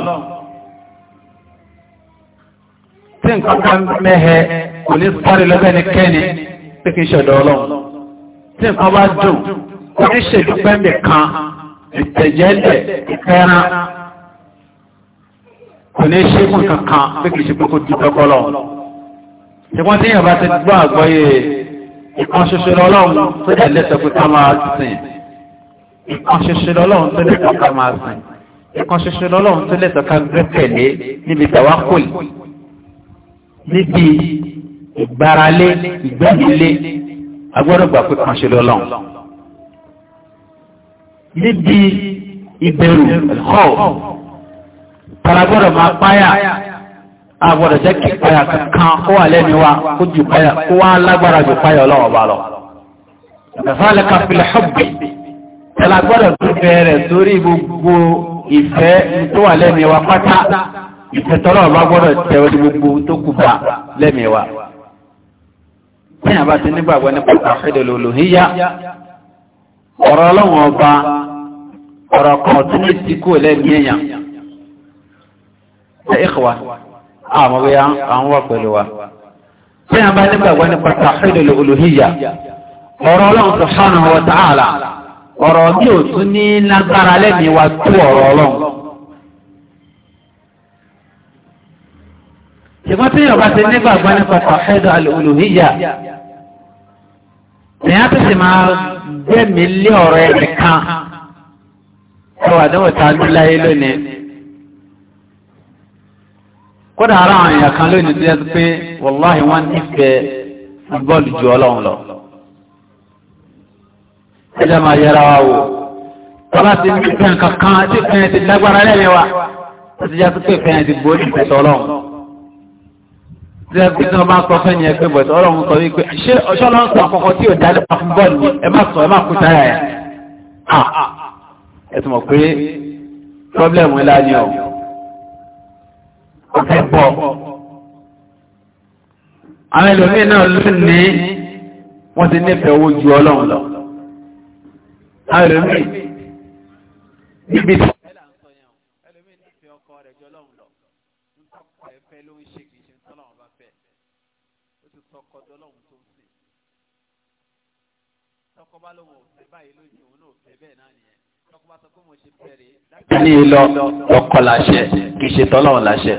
tí nǹkan kan mẹ́hẹ kò ní sáré lọ́bẹ̀ẹ́nikẹ́ni bí kì í ṣọ̀dọ̀ ọlọ́run tí nǹkan bá dùn oníṣèlú pẹ́ndẹ̀ kan ìtẹ̀jẹ́lẹ̀ ìkẹran kò ní ṣe fún kankan bí kìí ṣe pé kó dúpẹ́ kọ́lọ̀ ṣùgbọ́n tí yàrá ti gbọ́ àgbọ́yé ìkan ṣoṣo lọ́lọ́run tó dẹ̀ lẹ́tọ̀ pé ká máa sìn ìkan ṣoṣo lọ́lọ́run tó lẹ́tọ̀ ká máa sìn ìkan ṣoṣo lọ́lọ́run tó lẹ́tọ̀ ká gbẹ́kẹ̀lé níbi tàwákòlì níbi ìgbáralé ìgbẹ́mílé agbọ́dọ̀ gbà pé kan ṣe lọ́lọ́run níbi ìbẹ̀rù ẹ̀họ́ tara gbọ́dọ̀ máa páyà agbọ́dọ̀ jẹ́ kí páyà kankan ó wà lẹ́ni wa kó ju páyà kó wá lágbára ju páyà ọlọ́wọ́ bá lọ. ìfẹ́lẹ̀ kan fi lè ṣọ́bì tẹ̀lá gbọ́dọ̀ tún bẹ̀rẹ̀ tíyàn bá ti nígbàgbọ́ nípa tàfídì lòlòhíyá ọ̀rọ̀ ọlọ́run ọba ọ̀rọ̀ kan tí ní ti kú lẹ́mí èèyàn ẹ̀ ìkọ̀wá àmọ́ bí àwọn wà pẹ̀lú wa tíyàn bá nígbàgbọ́ nípa tàfídì lòlòhíyá ọ̀rọ̀ ọlọ́run subhanahu ọ̀rọ̀ ọ̀rọ̀ ṣùgbọ́n tí yorùbá ti ní gbàgbọ́ nípa tawhid al-uluhiyya èèyàn tó sì máa gbẹ̀mí lé ọ̀rọ̀ ẹnìkan ẹ wà dánwò tá a ní láyé lónìí. kódà ara àwọn èèyàn kan lónìí tó yẹ pé wàláhì wọn nífẹ̀ẹ́ fútbọ́ọ̀lù ju ọlọ́run lọ. ẹ jẹ́ máa yẹra wa wò tọ́lá ti ní ìfẹ́ kankan tí ìfẹ́ ti lágbára lẹ́yìn wa ó ti yá pé ìfẹ́ ti borí ìfẹ́ tọ́lọ́run tí ẹ gbẹ́sẹ̀ máa sọ fẹ́ yẹn pé bọ̀tọ̀ ọlọ́run sọ wípé ṣé ọ̀ṣọ́lọ́ ń sọ àkọ́kọ́ tí ò dá nípa fún bọ́ọ̀lù ẹ má sọ ẹ má kú táyà ẹ̀. Ah, ah. ẹ ti mọ̀ pé pọ́blẹ́mù ńlá ni ọ̀ ọ fẹ́ bọ̀. àwọn ẹlòmíì náà lónìí wọ́n ti nífẹ̀ẹ́ owó ju ọlọ́run lọ. àwọn ẹlòmíì níbi tí bá lówó òfin báyìí òun náà fẹ́ bẹ́ẹ̀ náà nìyẹn tọkọ bá sọ pé mo ṣe bẹ̀rẹ̀. ní lọ lọkọ láṣẹ kì í ṣe tọ́lọ́run láṣẹ.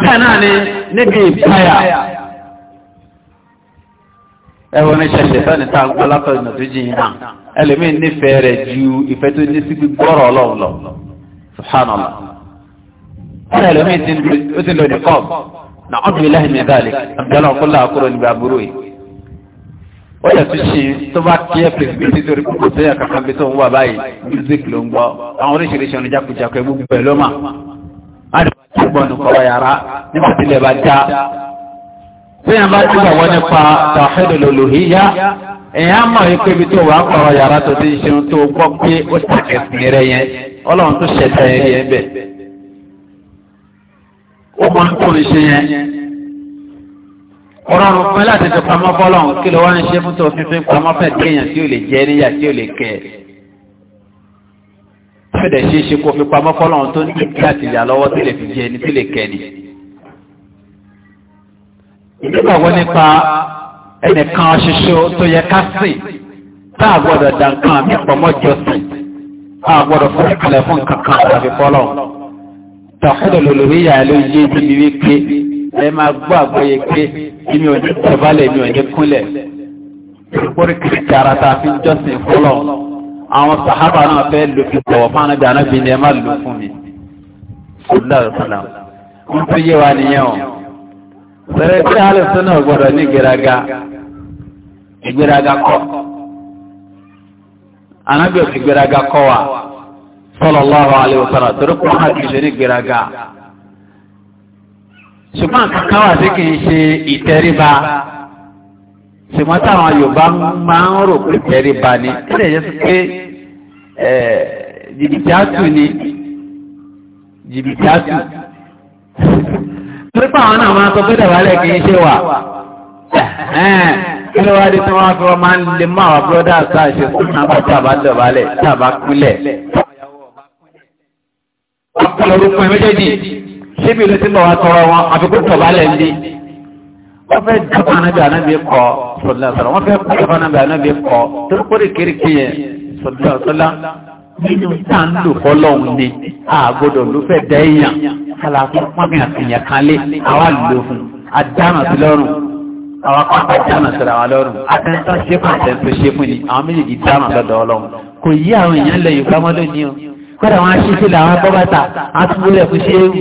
bẹ́ẹ̀ náà ni níbi ìpáyà ẹwọ ní ṣẹṣẹ sani tá a ń gbọ́ ìnà tó jìn náà ẹlòmíín nífẹ̀ẹ́ rẹ̀ ju ìfẹ́ tó ní sí gbọ́rọ̀ ọlọ́run lọ subhanallah. ẹlòmíín ti ń nàcọ́dún ilé ẹ̀mí dálẹ̀ àbíọ́lá ọ̀kọ́lá àkúrò níbi àbúrò yìí. wọ́n yẹ̀ tún ṣe tó bá kí ẹ pèsè nítorí kókò tó yẹ kankan bí tó ń wà báyìí music ló ń gbọ́ àwọn oríṣiríṣi ọ̀nà jákujàku ẹ̀ gbogbo ẹ̀ ló mà. wọ́n á ti gbọ́ ní kọ́wọ́ yàrá nígbà tí ilẹ̀ bá já. sẹ́yìn bá ti gbàgbọ́ nípa tawhidul uluhiyya èèyàn mọ̀ yìí pé ibi tó wà á kọ̀rọ̀ yàrá tó ti ń ṣe tó gbọ́ pé ó ṣàkẹ́sìn rẹ̀ yẹn ọlọ́run tó ṣẹ̀ṣẹ̀ rẹ̀ yẹn bẹ́ẹ̀ ó mọ tó ń ṣe yẹn. ọ̀rọ̀rùn fún ẹ láti fi pamọ́ fọlọ́run kí ló wá ń ṣe fún tó fífi pamọ́ fẹ́ kéèyàn tí ò lè jẹ níyà tí ò lè kẹ́ ẹ̀. fẹ́dẹ̀ ṣe é ṣe kó fi pamọ́ fọlọ́run tó ní kí àti ìyá lọ́wọ́ tí lè fi jẹ ni tí lè kẹ́ ni. ìdígbàgbọ́ nípa ẹnìkan ṣoṣo tó yẹ ká sìn tá a gbọ́dọ̀ dà nǹkan mi pọ̀ mọ́ jọ́sìn tá a gbọ́dọ̀ fún ìkàlẹ̀ fún nǹkan kan tàbí fọlọ́run tàkùdọ̀ lòlòwéyà ló yé tí mi wípé ẹ máa gbọ́ àgbọ́yé pé kí mi ò ní tẹ̀bálẹ̀ mi ò ní kúnlẹ̀ orí kìrìkì ara ta fi jọ́sìn fọlọ́ àwọn sàhábà náà fẹ́ lò fi tọ̀wọ̀ fáwọn ẹgbẹ́ anábì ni ẹ má lò fún mi ìgbéraga ìgbéraga kọ́ ìgbéraga kọ́ wa sallallahu alaihi wasallam torí kò hàn kì í ṣe ní gbéraga ṣùgbọ́n kankan wà sí kì í ṣe ìtẹríba ṣùgbọ́n táwọn Yorùbá máa ń rò pé ìtẹríba ni ó lè yẹ sí pé jìbìtì àtù ni jìbìtì àtù torí pé àwọn náà máa ń sọ pé dàbálẹ̀ kì í ṣe wà kí ló wá dé tí wọ́n fi wọ́n máa ń lè mọ àwọn búrọ́dà sáà ṣe fún àwọn tàbá dọ̀bálẹ̀ tàbá kúnlẹ̀ ọ̀pọ̀lọpọ̀ orúkọ méjèèjì síbi ìlú tí mo wá tọrọ wọn àfikún tọ̀bá lẹ̀ ń bí. wọ́n fẹ́ dábàá anábì anábì kọ sọ̀dọ̀sọ̀dọ̀ wọ́n fẹ́ dábàá anábì anábì kọ torókòrè kérékè yẹn sọ̀dọ̀sọ̀lá nínú tá à ń lò fọlọ́hún ni àgbọ̀dọ̀ ló fẹ́ dẹ́ èèyàn kálàfin pọ́nkìn àfihàn kan lé àwa lò fún àdánà sí lọ́rùn àwọn pápá dáná sọ̀rọ̀ àwọn lọ́rùn atẹ́ńtọ́ ṣe fún àtẹ́ńtọ́ ni àwọn méjèèjì dáná lọ́dọ̀ ọlọ́run kò yí àwọn èèyàn lẹ́yìn fámọ́lónìí o kọ́dà wọn aṣí sí làwọn abọ́bàtà àtúbúlẹ̀ kò ṣe é wù.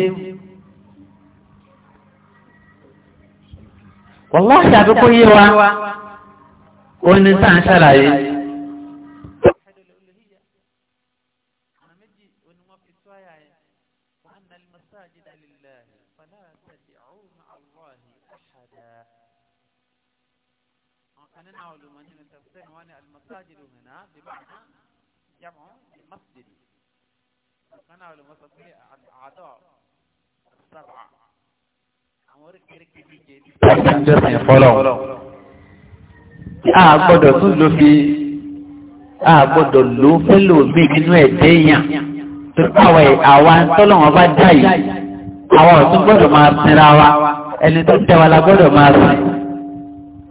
wọ́n ṣàbíkó yé wa ó ní sáà ń ṣàlàyé. المساجد هنا بمعنى جمع المسجد kan àwọn olùmọ̀ sọ pé àádọ́ sábà àwọn oríkèéríkèé méje ní. ọ̀gá ń jẹ́sìn fọ́lọ̀ a gbọ́dọ̀ tún ló fi a gbọ́dọ̀ ló fẹ́ lò mí nínú ẹ̀dẹ́ èèyàn tó káwọ̀ àwa tọ́lọ̀wọ́n bá dá yìí àwọn ọ̀tún gbọ́dọ̀ máa sinra wa ẹni tó tẹ́wa la gbọ́dọ̀ máa sin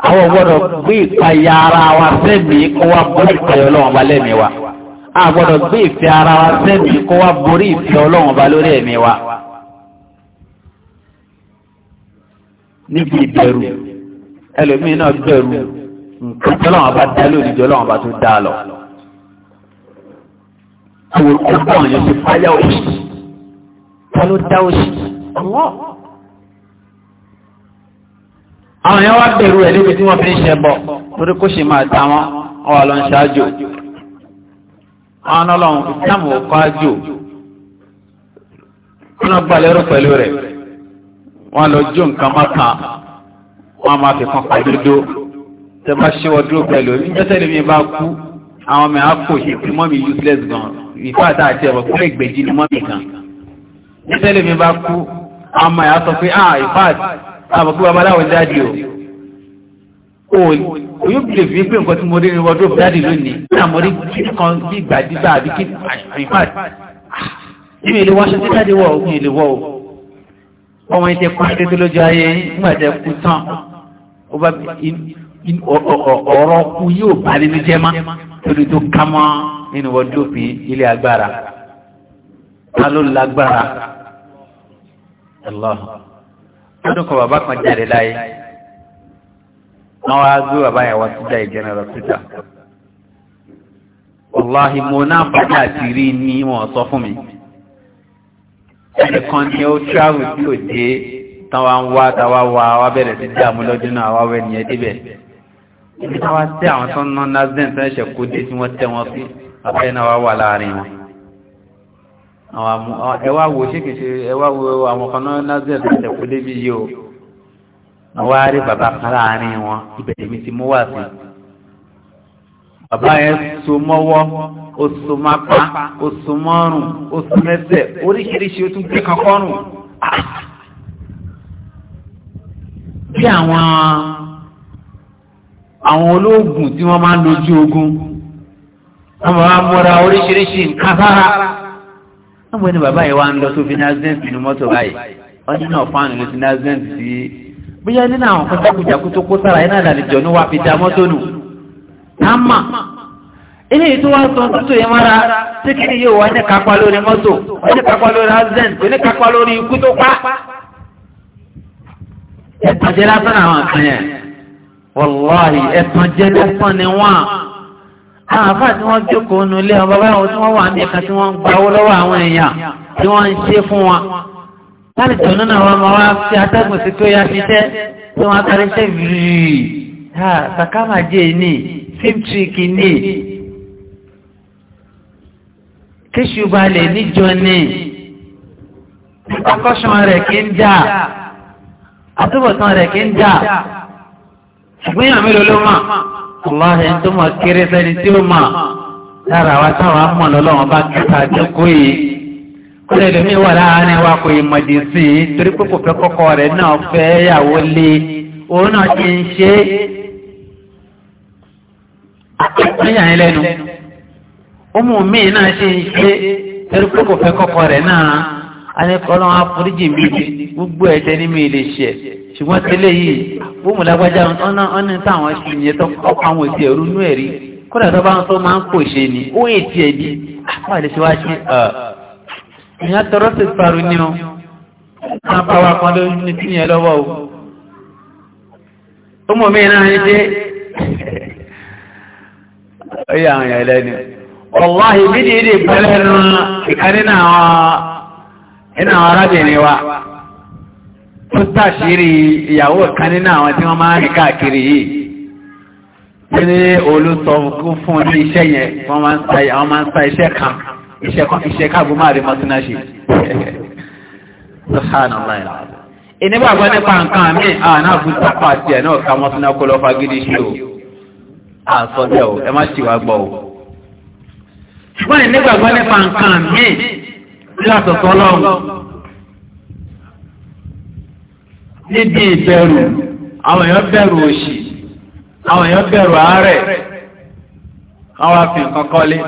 àwọn gbọ́dọ̀ gbé ìpayà ara wa fẹ́mi kó wá bọ́ ìpayà ọlọ́wọ́n bá lẹ́mi wa a gbọ́dọ̀ gbé ìfẹ́ ara wa sẹ́mi kó wá borí ìfẹ́ ọlọ́run ba lórí ẹ̀mí wa. níbi ìbẹ̀rù ẹlòmíì náà bẹ̀rù nǹkan tọ́lọ́wọ́n bá dá lórí ìjọ ọlọ́run bá tó dá lọ. àwọn ọgbọ́n yẹn ti fáyà òṣì wọn ló dá òṣì ọwọ́. àwọn yẹn wá bẹ̀rù ẹ̀ níbi tí wọ́n fi ń ṣẹ bọ̀ torí kó ṣe máa ta wọn wọn wà lọ ń ṣáájú ọ̀nà ọlọ́run islam ò kọ́ àjò wọn lọ gbalẹ́rù pẹ̀lú rẹ̀ wọn lọ jó nǹkan mọ́ta wọn máa fi kan pàdúdó tẹ bá ṣíwọ́ dúró pẹ̀lú níjọ́sẹ́ ni mi bá kú àwọn ọmọ àpò ìpín mọ́ mi useless gan ìfẹ́ àti àti ẹ̀rọ kúrò ìgbèjì ni mọ́ mi gan níjọ́sẹ́ ni mi bá kú àwọn ọmọ ìyá sọ pé ah ìfẹ́ àti àbọ̀kú babaláwo jáde o òyò bìlẹ̀ fi pé nǹkan tí mo rí ní wọ́dọ̀ dáàdì lónìí ní àmọ́rí kan bí gbàdígbà àbí kí àìfàd nínú ilé wáṣọ tí dáàdì wọ̀ òkun ilé wọ̀ o ọmọ ìṣe kan tètè lójú ayé nígbà tẹ kú tán ọ̀rọ̀ kú yóò bá nínú jẹ́ má torí tó ká mọ́ nínú wọ́dọ̀ fi ilé agbára ta ló lágbára ọdún kan bàbá kan jáde láyé wọ́n wá gbé bàbá yẹn wá síta ìjẹnẹrọ síta wàláhì mo náà padà ti rí ní wọ́n sọ fún mi ẹnìkan ni ó travel tí ò dé táwa ń wá táwa wá wá bẹ̀rẹ̀ sí dààmú lọ́dún náà wá wẹ̀ nìyẹn débẹ̀ ibi táwa tẹ àwọn tó ń ná nazen tó ń ṣe kó dé tí wọ́n tẹ wọn sí bàbá yẹn náà wá wà láàrin wọn ẹ wá wo ṣé kìí ṣe ẹ wá wo àwọn kan náà nazen tó ń ṣe kó débi yìí o àwọn arí bàbá kan láàrin wọn ibẹ̀ èmi ti mú wá sí bàbá yẹn so mọ́wọ́ ó so mápá ó so mọ́rùn ó so mẹ́sẹ̀ oríṣiríṣi ó tún gbé kankọ́rùn bí àwọn àwọn olóògùn tí wọ́n máa ń lójú ogun wọ́n máa múra oríṣiríṣi nǹkan sára wọ́n mọ̀ ní bàbá yẹn wá ń lọ sófin nazareth nínú mọ́tò báyìí wọ́n ní náà fáànù lọ sí nazareth sí bóyá nínú àwọn kọjákujàkú tó kó sára iná wà fi mọ́tò nù táàmà ilé ètò wá sọ títò yẹn mara tí kí ni yóò wá ní kápá lórí mọ́tò ní kápá lórí azen ní kápá lórí ikú tó pa ẹ̀tàn jẹ́ lásán àwọn kan yẹn wàláhì ẹ̀tàn jẹ́ lásán ni wọ́n àwọn àfáà tí wọ́n jókòó nulẹ̀ ọba báwọn tí wọ́n wà ní ẹ̀ka tí wọ́n lọ́wọ́ àwọn èèyàn láti tọ̀nà náà wọn máa wá fi atẹ́gùn sí pé ó yá fi tẹ́ tí wọ́n atari tẹ́ vìrì ha sàkámàjẹ́ ní símtìrìkì ní kíṣù balẹ̀ níjọ ní akọ́ṣan rẹ̀ kí ń jà àtúbọ̀tán rẹ̀ kí ń jà ṣùgbọ́n mélòó ló mà Allah ẹni tó mọ̀ kéré sẹ́ni tí ó mà lára wa táwọn á mọ̀ lọ́lọ́wọ́n bá kẹta àjọkó yìí kọ́lẹ̀ lómi wà láàárín wa kò ìmọ̀dì sí i torí pé kò fẹ́ kọ́kọ́ rẹ̀ náà fẹ́ yàwó lé e. òun náà ti ń ṣe níyà yẹn lẹ́nu ọmọ mi náà ṣe ń ṣe torí pé kò fẹ́ kọ́kọ́ rẹ̀ náà anìkọ́lọ́ àforíjì mi gbogbo ẹ̀jẹ̀ ní mi lè ṣe ṣùgbọ́n tẹ́lẹ̀ yìí bóun lágbájá ọ̀nà táwọn ṣe ìyẹn tó kọ́ àwọn òsì ẹ̀rú nú ẹ̀rí kọ́lẹ̀ tó bá ń sọ máa ń pòṣe ni ó ètí ẹ̀dí àpá àlẹ́ ṣe èèyàn tọrọ sí ìparun ní o máa bá wa kan lójú ní tíyẹn lọ́wọ́ o ó mọ̀ mí náà yé dé ó yà àwọn èèyàn lẹ́nu ọ̀láhì bí ní èdè ìpínlẹ̀ nù ìkan nínú àwọn arábìnrin wa tó tàṣírí ìyàwó kan nínú àwọn tí wọ́n máa ń rìn káàkiri yìí tí ní olùsọ̀kú fún ilé iṣẹ́ yẹn wọ́n máa ń sa iṣẹ́ kan iṣẹ́ káàbù máa rí mọ́tún náà ṣe subhanallah ìnígbàgbọ́ nípa nǹkan àmì àná fún sápá àti ẹ̀ náà ká mọ́tún náà kó lọ fagídí ṣe o àsọ bẹ́ẹ̀ o ẹ má ṣì wá gbọ́ o ṣùgbọ́n ìnígbàgbọ́ nípa nǹkan àmì látọ̀ sọ́lọ́run níbi ìbẹ̀rù àwọn èèyàn bẹ̀rù òṣì àwọn èèyàn bẹ̀rù àárẹ̀ àwọn afẹ́ nǹkan kọ́lé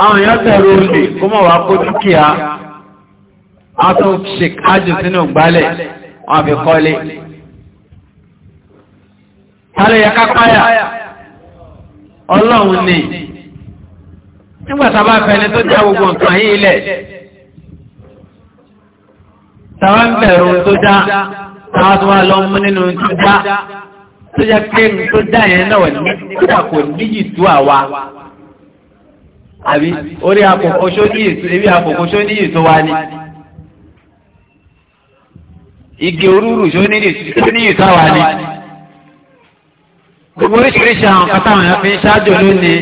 àwọn èèyàn tẹ̀rọ olè kó mọ̀ wá kó dúkìá wọ́n ṣe kájù sínú gbálẹ̀ wọ́n fi kọ́lé ọlọ́run ni bá fẹni tó já gbogbo nǹkan yìí ilẹ̀ tàwa ń bẹ̀rù tó já tàwa tó lọ mú nínú tó já tó já tó já yẹn náà ní àbí orí àkókò sóní èso ebi àkókò sóní èso wa ni igi orúurú sóní èso wa ni gbogbo oríṣiríṣi àwọn kata àwọn yẹn fi ń ṣáájú lónìí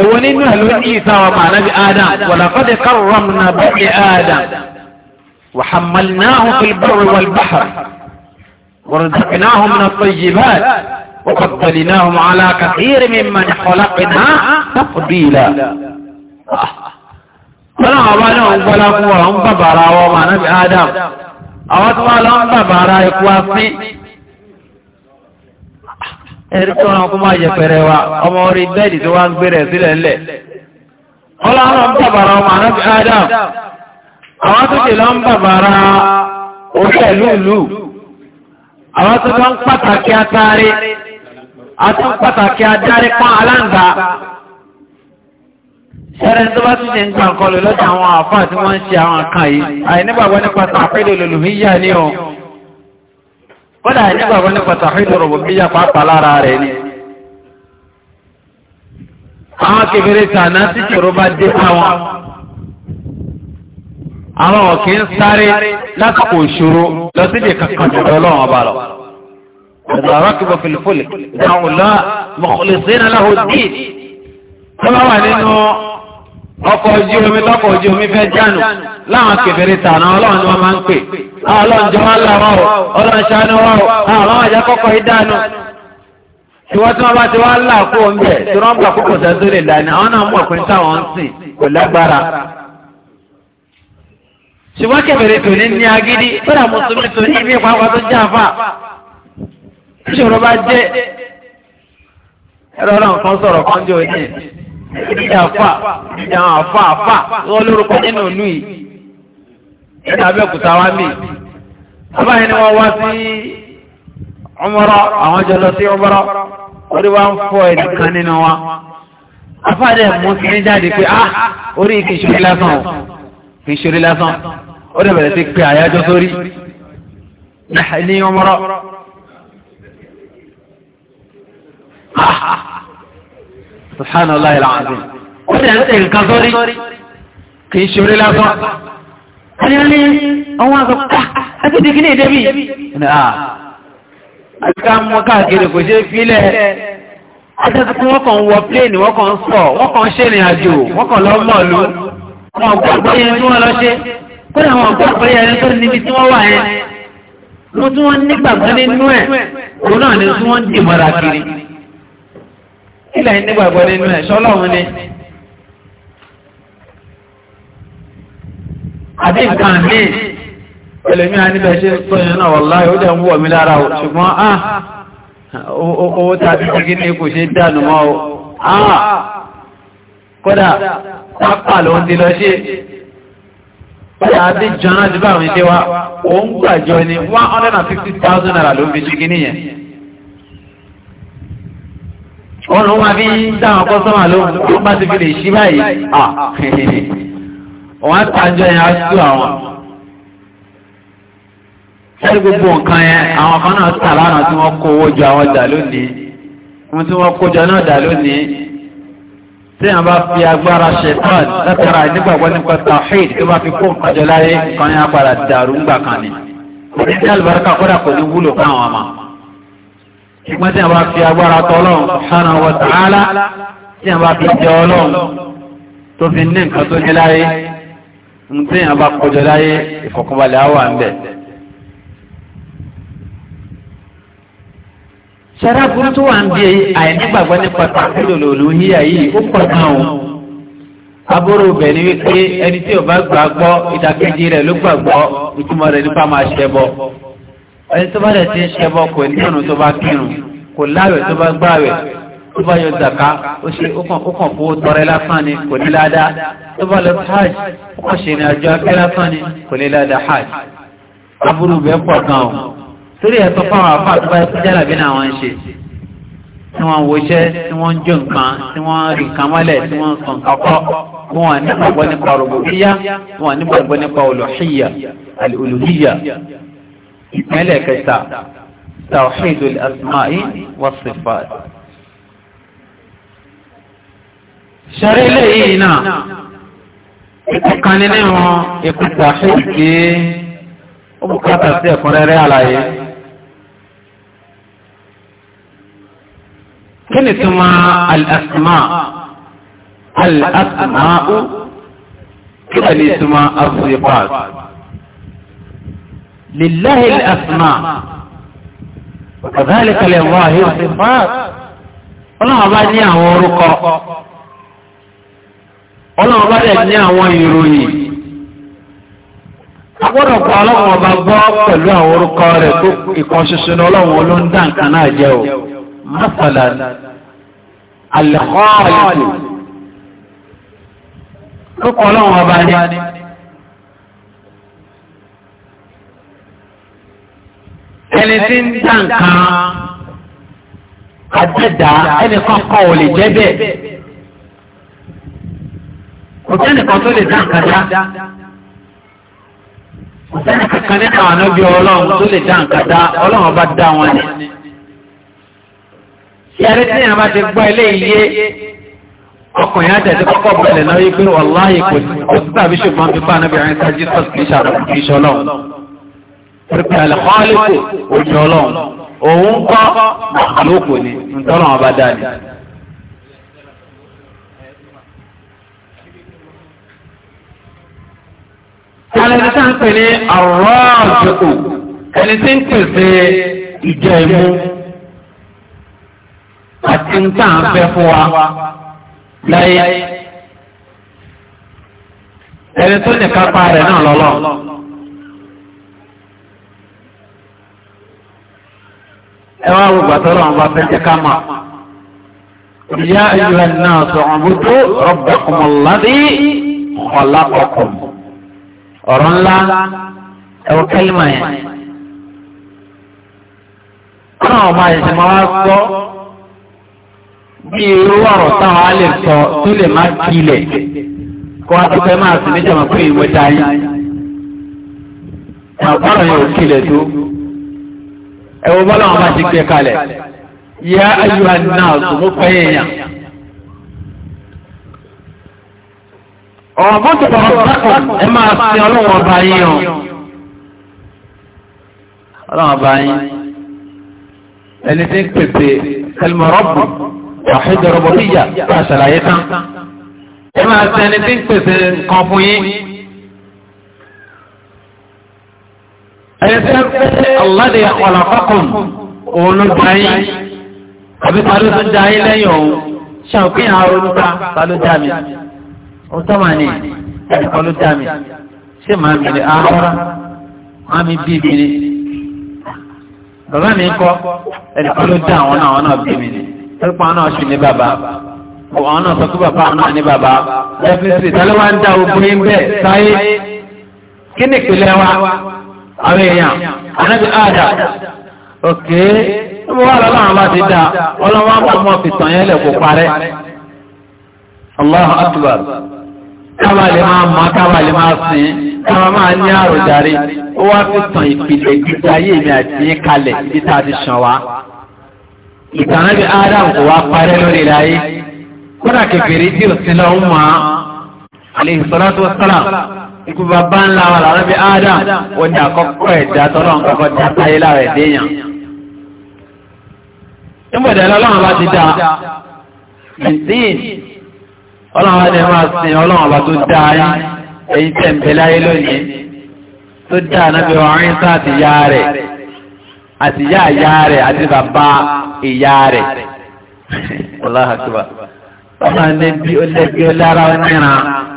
èwo nínú ẹ̀ ló ní ìsáwọ̀ màá nábì Adam walaqad karramna bani Adam wa hammalnahum fil barri wal bahri wa razaqnahum min at-tayyibat. وفضلناهم على كثير ممن خلقنا تفضيلا ọlọ́run ọba náà ń gbọ́lá fún ọ̀rọ̀ ń bàbàrà ọwọ́ ma náà bí adam àwọn tó wà lọ ń bàbàrà ikú asín ẹ̀rí tó rán kó máa yẹpẹrẹ wa ọmọ orí bẹ́ẹ̀dì tó wá ń gbé sílẹ̀ ńlẹ̀ ọlọ́run àti pàtàkì adarí pán aláǹgbá ṣẹ́rẹ́ tó bá tún ṣe ń gbà nǹkan lò lọ́dọ̀ àwọn àfáà tí wọ́n ń ṣe àwọn kan yìí àìnígbàgbọ́ nípa tàfídò lòlùmíyà ní o kódà àìnígbàgbọ́ nípa tàfídò rògbòmíyà pàápàá lára rẹ̀ ni àwọn kèfèrè tàná tí ṣòro bá dé àwọn àwọn òkè ń sáré lásìkò ìṣòro lọ sílé kankan jùlọ ọlọ́run ọba lọ إذا ركب في الفلك دعوا الله مخلصين له الدين طبعا لأنه ọkọ̀ ojú omi tọkọ̀ ojú omi fẹ́ jánu láwọn kẹfẹ́rẹ́ tàná ọlọ́run ni wọ́n máa ń pè ọlọ́run jọ wọ́n làwọn o ọlọ́run ṣàánú wọn o àwọn àjẹ kọ́kọ́ yìí dànù tiwọ́n tí wọ́n bá ti wá là kó o ń bẹ̀ tí wọ́n gbà kókò sẹ́ńtò lè dání àwọn náà mọ̀ pé táwọn ń sìn kò lágbára. ṣùgbọ́n kẹfẹ́rẹ́ tòní ní agídí fúnra mùsùlùmí tòní ibi ìpàkọ́ tó jáfa ìṣòro bá jẹ́ ẹ̀rọ ọ̀rọ̀ nǹkan sọ̀rọ̀ kan jẹ́ òní ìdíjà àfà ìdíjà àwọn àfà àfà wọn lórúkọ nínú ìlú yìí ìdíjà abẹ́òkúta wa mì abáyé ni wọ́n wá sí ọmọrọ àwọn jọ lọ sí ọmọrọ orí wa ń fọ ẹnìkan nínú wa afáàdé mú kíní jáde pé ah orí kìí ṣorí lásán o kìí ṣorí lásán ó dẹ̀ bẹ̀rẹ̀ sí pé àyájọ́ sórí ní ọmọrọ. subhanallah alazim ó ti ẹ̀ ń tẹ̀ nǹkan sórí kì í ṣeré lásán ẹni wọn ní ọwọ́n àgbà ká ah, ẹtí di kíní ìdẹ́bí ah, àtìká mọ́ káàkiri kò ṣe fílẹ̀ ẹtẹ́tí wọ́n kàn wọ pléènì wọ́n kàn sọ wọ́n kàn ṣe ìrìn àjò wọ́n kàn lọ mọ̀lú wọn gbàgbọ́ yẹn tí wọ́n lọ ṣe kódà wọn gbàgbọ́ yẹn tó níbi tí wọ́n wà yẹn mo tún wọn nígbàgbọ́ nínú ẹ̀ òun náà ni tí wọ́n dì mọ́ra kiri ilẹ̀ nígbàgbọ́ nínú ẹ̀ ṣọ́lọ́run ni. àbí nǹkan mi ẹlẹ́mí a níbẹ̀ ṣe sọ yẹn náà wọláhì ó dẹ̀ ń wọ̀ mí lára o ṣùgbọ́n á ah, owó tàbí jígí ní kò ṣe dànù mọ́ o á ah, kódà pápá ló ń di lọ ṣe báyà àti jọ́nà ti bá àwọn ìṣe wa òun gbàjọ ni one hundred and fifty thousand naira ló ń fi jígí nìyẹn wọ́n ló máa fi dáhùn kọ́sọ́mà ló tó bá ti fi lè ṣí báyìí à wọ́n á tàjọ yẹn á tú àwọn ṣẹ́rí gbogbo nǹkan yẹn àwọn kan náà tà lánàá tí wọ́n kó owó jọ àwọn dà lónìí wọ́n tí wọ́n kó jọ náà dà lónìí tí wọ́n bá fi agbára ṣetán látara nígbàgbọ́ nípa tawhid tó bá fi kó nǹkan jọ láyé nǹkan yẹn á padà dàrú ńgbà kan ni. ní alùbáríkà kódà kò ní wúlò fún àwọn ọmọ ṣùgbọ́n tí a bá fi agbára tọ́lọ́n subhanahu wa ta'ala tí a bá fi jẹ ọlọ́n tó fi ní nǹkan tó ní láyé ń tí a bá kọjọ láyé ìfọ̀kànbalẹ̀ á wà ń bẹ̀. ṣẹ́rá burú tó wà ń bí àìnígbàgbọ́ nípa tàkùlò lòlù yíyà yìí ó pọ̀ náà aburú bẹ̀ ni wípé ẹni tí ò bá gbàgbọ́ ìdàkejì rẹ̀ ló gbàgbọ́ ìtumọ̀ rẹ̀ nípa máa ṣẹbọ ẹni tó bá dẹ̀ ti ń ṣẹbọ kò ní ìrun tó bá kírun kò láwẹ̀ tó bá gbáwẹ̀ tó bá yọ zaka ó ṣe ó kàn fowó tọrẹ lásán ni kò ní ládàá tó bá lọ sí hajj ó kàn ṣe ní àjọ akẹ́ lásán ni kò ní ládàá hajj aburú bẹ́ẹ̀ pọ̀ gan o torí ẹ̀ fáwọn afá tó bá yẹ kó bí náà wọ́n ń ṣe tí wọ́n wọṣẹ́ tí wọ́n ń jó nǹkan tí wọ́n rìn kan mọ́lẹ̀ tí wọ́n ń sàn kọ́kọ́ wọn nígbàgbọ́ nípa rògbòkíyá wọn nígbàgbọ́ nípa olùhíyà ملكتا توحيد الأسماء والصفات شرع لئينا اتقان نعم يكون توحيد كي ومكاتب سيكون ريع كنتما الأسماء الأسماء كنتما الصفات لله الأسماء وكذلك لله الصفات الله bá ní الله orúkọ ọlọ́run bá dẹ̀ ní àwọn ìròyìn agbọ́dọ̀ pa ọlọ́run ọba gbọ́ pẹ̀lú àwọn orúkọ rẹ̀ tó ìkan ní ọlọ́run olóńdà nǹkan náà jẹ́ o mọ́sálà alẹ́kọ́ ọ̀yọ́ lókọ́ ọlọ́run ọba ní. ẹni tí ń dá nǹkan àdẹ́dá ẹnìkan kọ́ ò lè jẹ́ bẹ́ẹ̀ kò sẹ́nìkan tó lè dá nǹkan dá kò sẹ́nìkan kan nínú àwọn ọ̀nà bíi ọlọ́run tó lè dá nǹkan dá ọlọ́run bá dá wọn ni yàrá tí yàrá bá ti gbọ́ ilé iye ọkùnrin àtẹ̀tẹ̀ kọ́kọ́ bẹ̀rẹ̀ náà yí pé wàláhì kò sí tàbí ṣùgbọ́n fífà náà bẹ̀rẹ̀ ń sájú sọ́ọ̀tì ìṣàlọ́ pípẹ́ alikọ́ọ́lẹ́kù ojú ọlọ́run òun kọ́ àlòkù ni ntọ́nà ọba dání. Kálẹ̀dì tá ń pè ní ọ̀rọ̀ àjòkù ẹni tí ń pèsè ìjọ ìmú àti ń ń fẹ́ fún wa láyé. Ẹni tó ní kápá rẹ̀ náà lọ́lọ́. ẹwà gbogbo àtọ́rọ̀ àwọn bá fẹ́ ká mà. Ìyá ayúwa náà sọ̀rọ̀ gbogbo rabbakumulladhi khalaqakum. Ọ̀rọ̀ ńlá ẹ̀wọ̀ kẹ́lìmà yẹn. Kọ́nà ọba ẹ̀sìn máa wá gbọ́ bí irú ọ̀rọ̀ táwọn á lè sọ tó lè má kílẹ̀ kó wá máa sì níjàmọ̀ pé ìwé dá yín. Màá yẹn ò kílẹ̀ tó ẹ̀wọ̀ bọ́lá wọn bá ti gbé kalẹ̀ yá ayúwa náà sùnmú pẹ́yìnyàn. ọ̀rọ̀ bọ́tò ọ̀rọ̀ sákọ̀ ẹ máa sin ọlọ́wọ́ ọba yín o ọlọ́wọ́ ọba yín ẹni tí ń pèpè kẹlmọ̀rọ́bù ọ̀hídọ̀rọ̀bọ̀ bíyà bá ṣàlàyé tán ẹ máa sin ẹni tí ń pèsè nǹkan fún yín. ẹ̀ẹ́dẹ́gbẹ́ aládé ọ̀làfàkùn òun ló dá yín àbí ta ló tún dá yín lẹ́yìn òun ṣàǹkìyàn arúgbá ta ló dá mi ó tọ́mà ní ẹ̀kọ́ ló dá mi ṣé màá mi lè ahọ́rá màá mi bí mi ni bàbá mi kọ́ ẹ̀kọ́ ló dá àwọn náà àwọn náà bí mi ni pípa àwọn èèyàn ànábì áàdà òkè ọmọ wa lọ́la àwọn bá ti dá ọlọ́wọ́ fìtàn yẹn lẹ̀ kó parẹ́ Allahu akbar káwa lè máa mọ káwa lè máa sìn káwa máa ní àròjàre ó wá ayé mi àti kalẹ̀ wá kò wá parẹ́ lórí kódà tí ò sí lọ́wọ́ mọ́ àlè ìsọ́lá tó ikú bàbá ńlá wa làwọn bí Adam ó ní àkọ́kọ́ ẹ̀dá tọ́lọ́ kọ́kọ́ dá táyé lára ẹ̀dẹ́yàn nígbàdà ọlọ́run bá ti dá ẹ̀sìn ọlọ́run bá ti máa sin ọlọ́run bá tó dá ayé èyí tẹ̀ ń bẹ̀lẹ́ ayé lónìí tó dá ànábẹ́ ọ̀rin sá àtìyá rẹ̀ àtìyá àyá rẹ̀ àti bàbá ìyá rẹ̀ ọlọ́run ní bí ó lẹ́gbẹ́ lára ó níran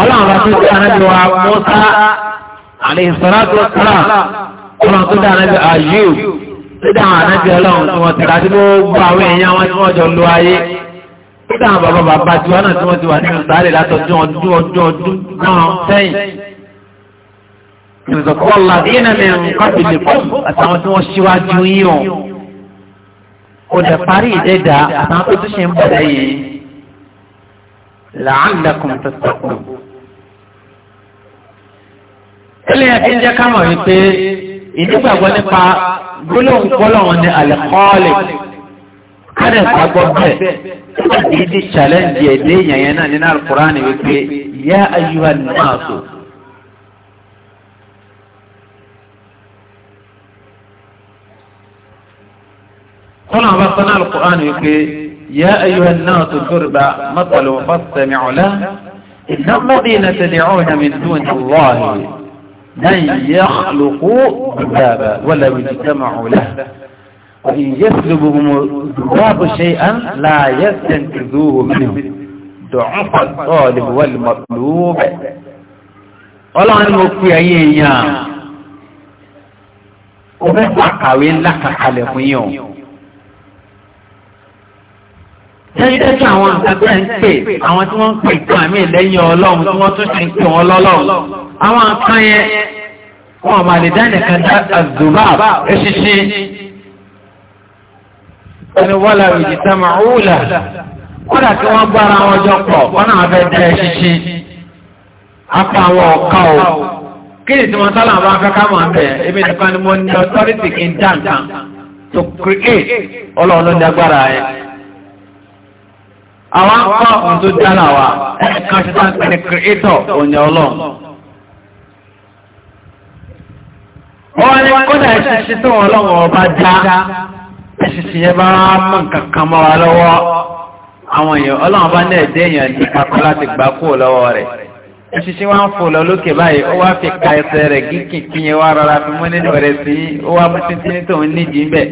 ọlọ́run bá tún dáná bí wa mọ́sá àlèsọ́láàtò sára ọlọ́run tó dáná bí ayéu tó dáná ànábì ọlọ́run tí wọ́n tẹ̀ra tí gbogbo àwọn èèyàn wọn tí wọ́n jọ lu ayé tó dáná bàbá bàbá tí wọ́n náà tí wọ́n ti wà nínú sáré látọ̀dún ọdún ọdún ọdún náà sẹ́yìn. ìrìnsọ̀kọ́ làdínà mi nǹkan bìlẹ̀ fún àtàwọn tí wọ́n ṣíwájú yín kò kílẹ̀ yẹn ti ń jẹ́ kámọ̀ wípé ìdígbàgbọ́ nípa gbólóhùn gbólóhùn ni àlẹ́kọ́ọ̀lì kárẹ̀ gbàgbọ́ bẹ́ẹ̀ nígbà tí ìdí challenge ẹ̀dẹ́ èèyàn yẹn náà nínú àlùkùránì wípé yá ayúwa náà sọ. قل عبرتنا القرآن يقول يا أيها الناس ضرب مثل فاستمعوا له إن الذين تدعون من دون الله أن يخلقوا ذبابا ولو اجتمعوا له وإن يسلبهم الذباب شيئا لا يستنقذوه منه ضعف الطالب والمطلوب ọlọ́run ni mo fi ẹ̀yìn èèyàn o fẹ́ pàkàwé ńlá sẹ́yìn awọn àwọn àgbẹ̀ ń pè àwọn tí wọ́n ń pè fún àmì ìlẹ́yìn ọlọ́run tí wọ́n tún ṣe ń pè wọ́n lọ́lọ́run àwọn yẹn wọn ma lè dáná kan dá àzùbá eṣiṣi ẹni wọ́n la rìjì kódà wọ́n o kí ni tí wọ́n bá ká bẹ̀ nìkan ni mo ní àwọn akọ́ ohun tó dára wa ẹ̀kan ṣe tán pẹ̀lú kìrìtọ̀ òní ọlọ́run wọ́n ní kódà ìṣẹ́ṣẹ́ tó wọ́n lọ́wọ́ ọba dá ìṣẹ́ṣẹ́ yẹ bá mọ́ nǹkan kan mọ́ wa lọ́wọ́ àwọn èèyàn ọlọ́run bá náà dé èèyàn ní kakọ́ láti gbà kú lọ́wọ́ rẹ̀ ìṣẹ́ṣẹ́ wá ń fò lọ lókè báyìí ó wá fi ka ẹsẹ̀ rẹ̀ gíkì kí yẹn wá rọra fi mú nínú rẹ̀ sí ó wá mú títí tó ń níjì ń bẹ̀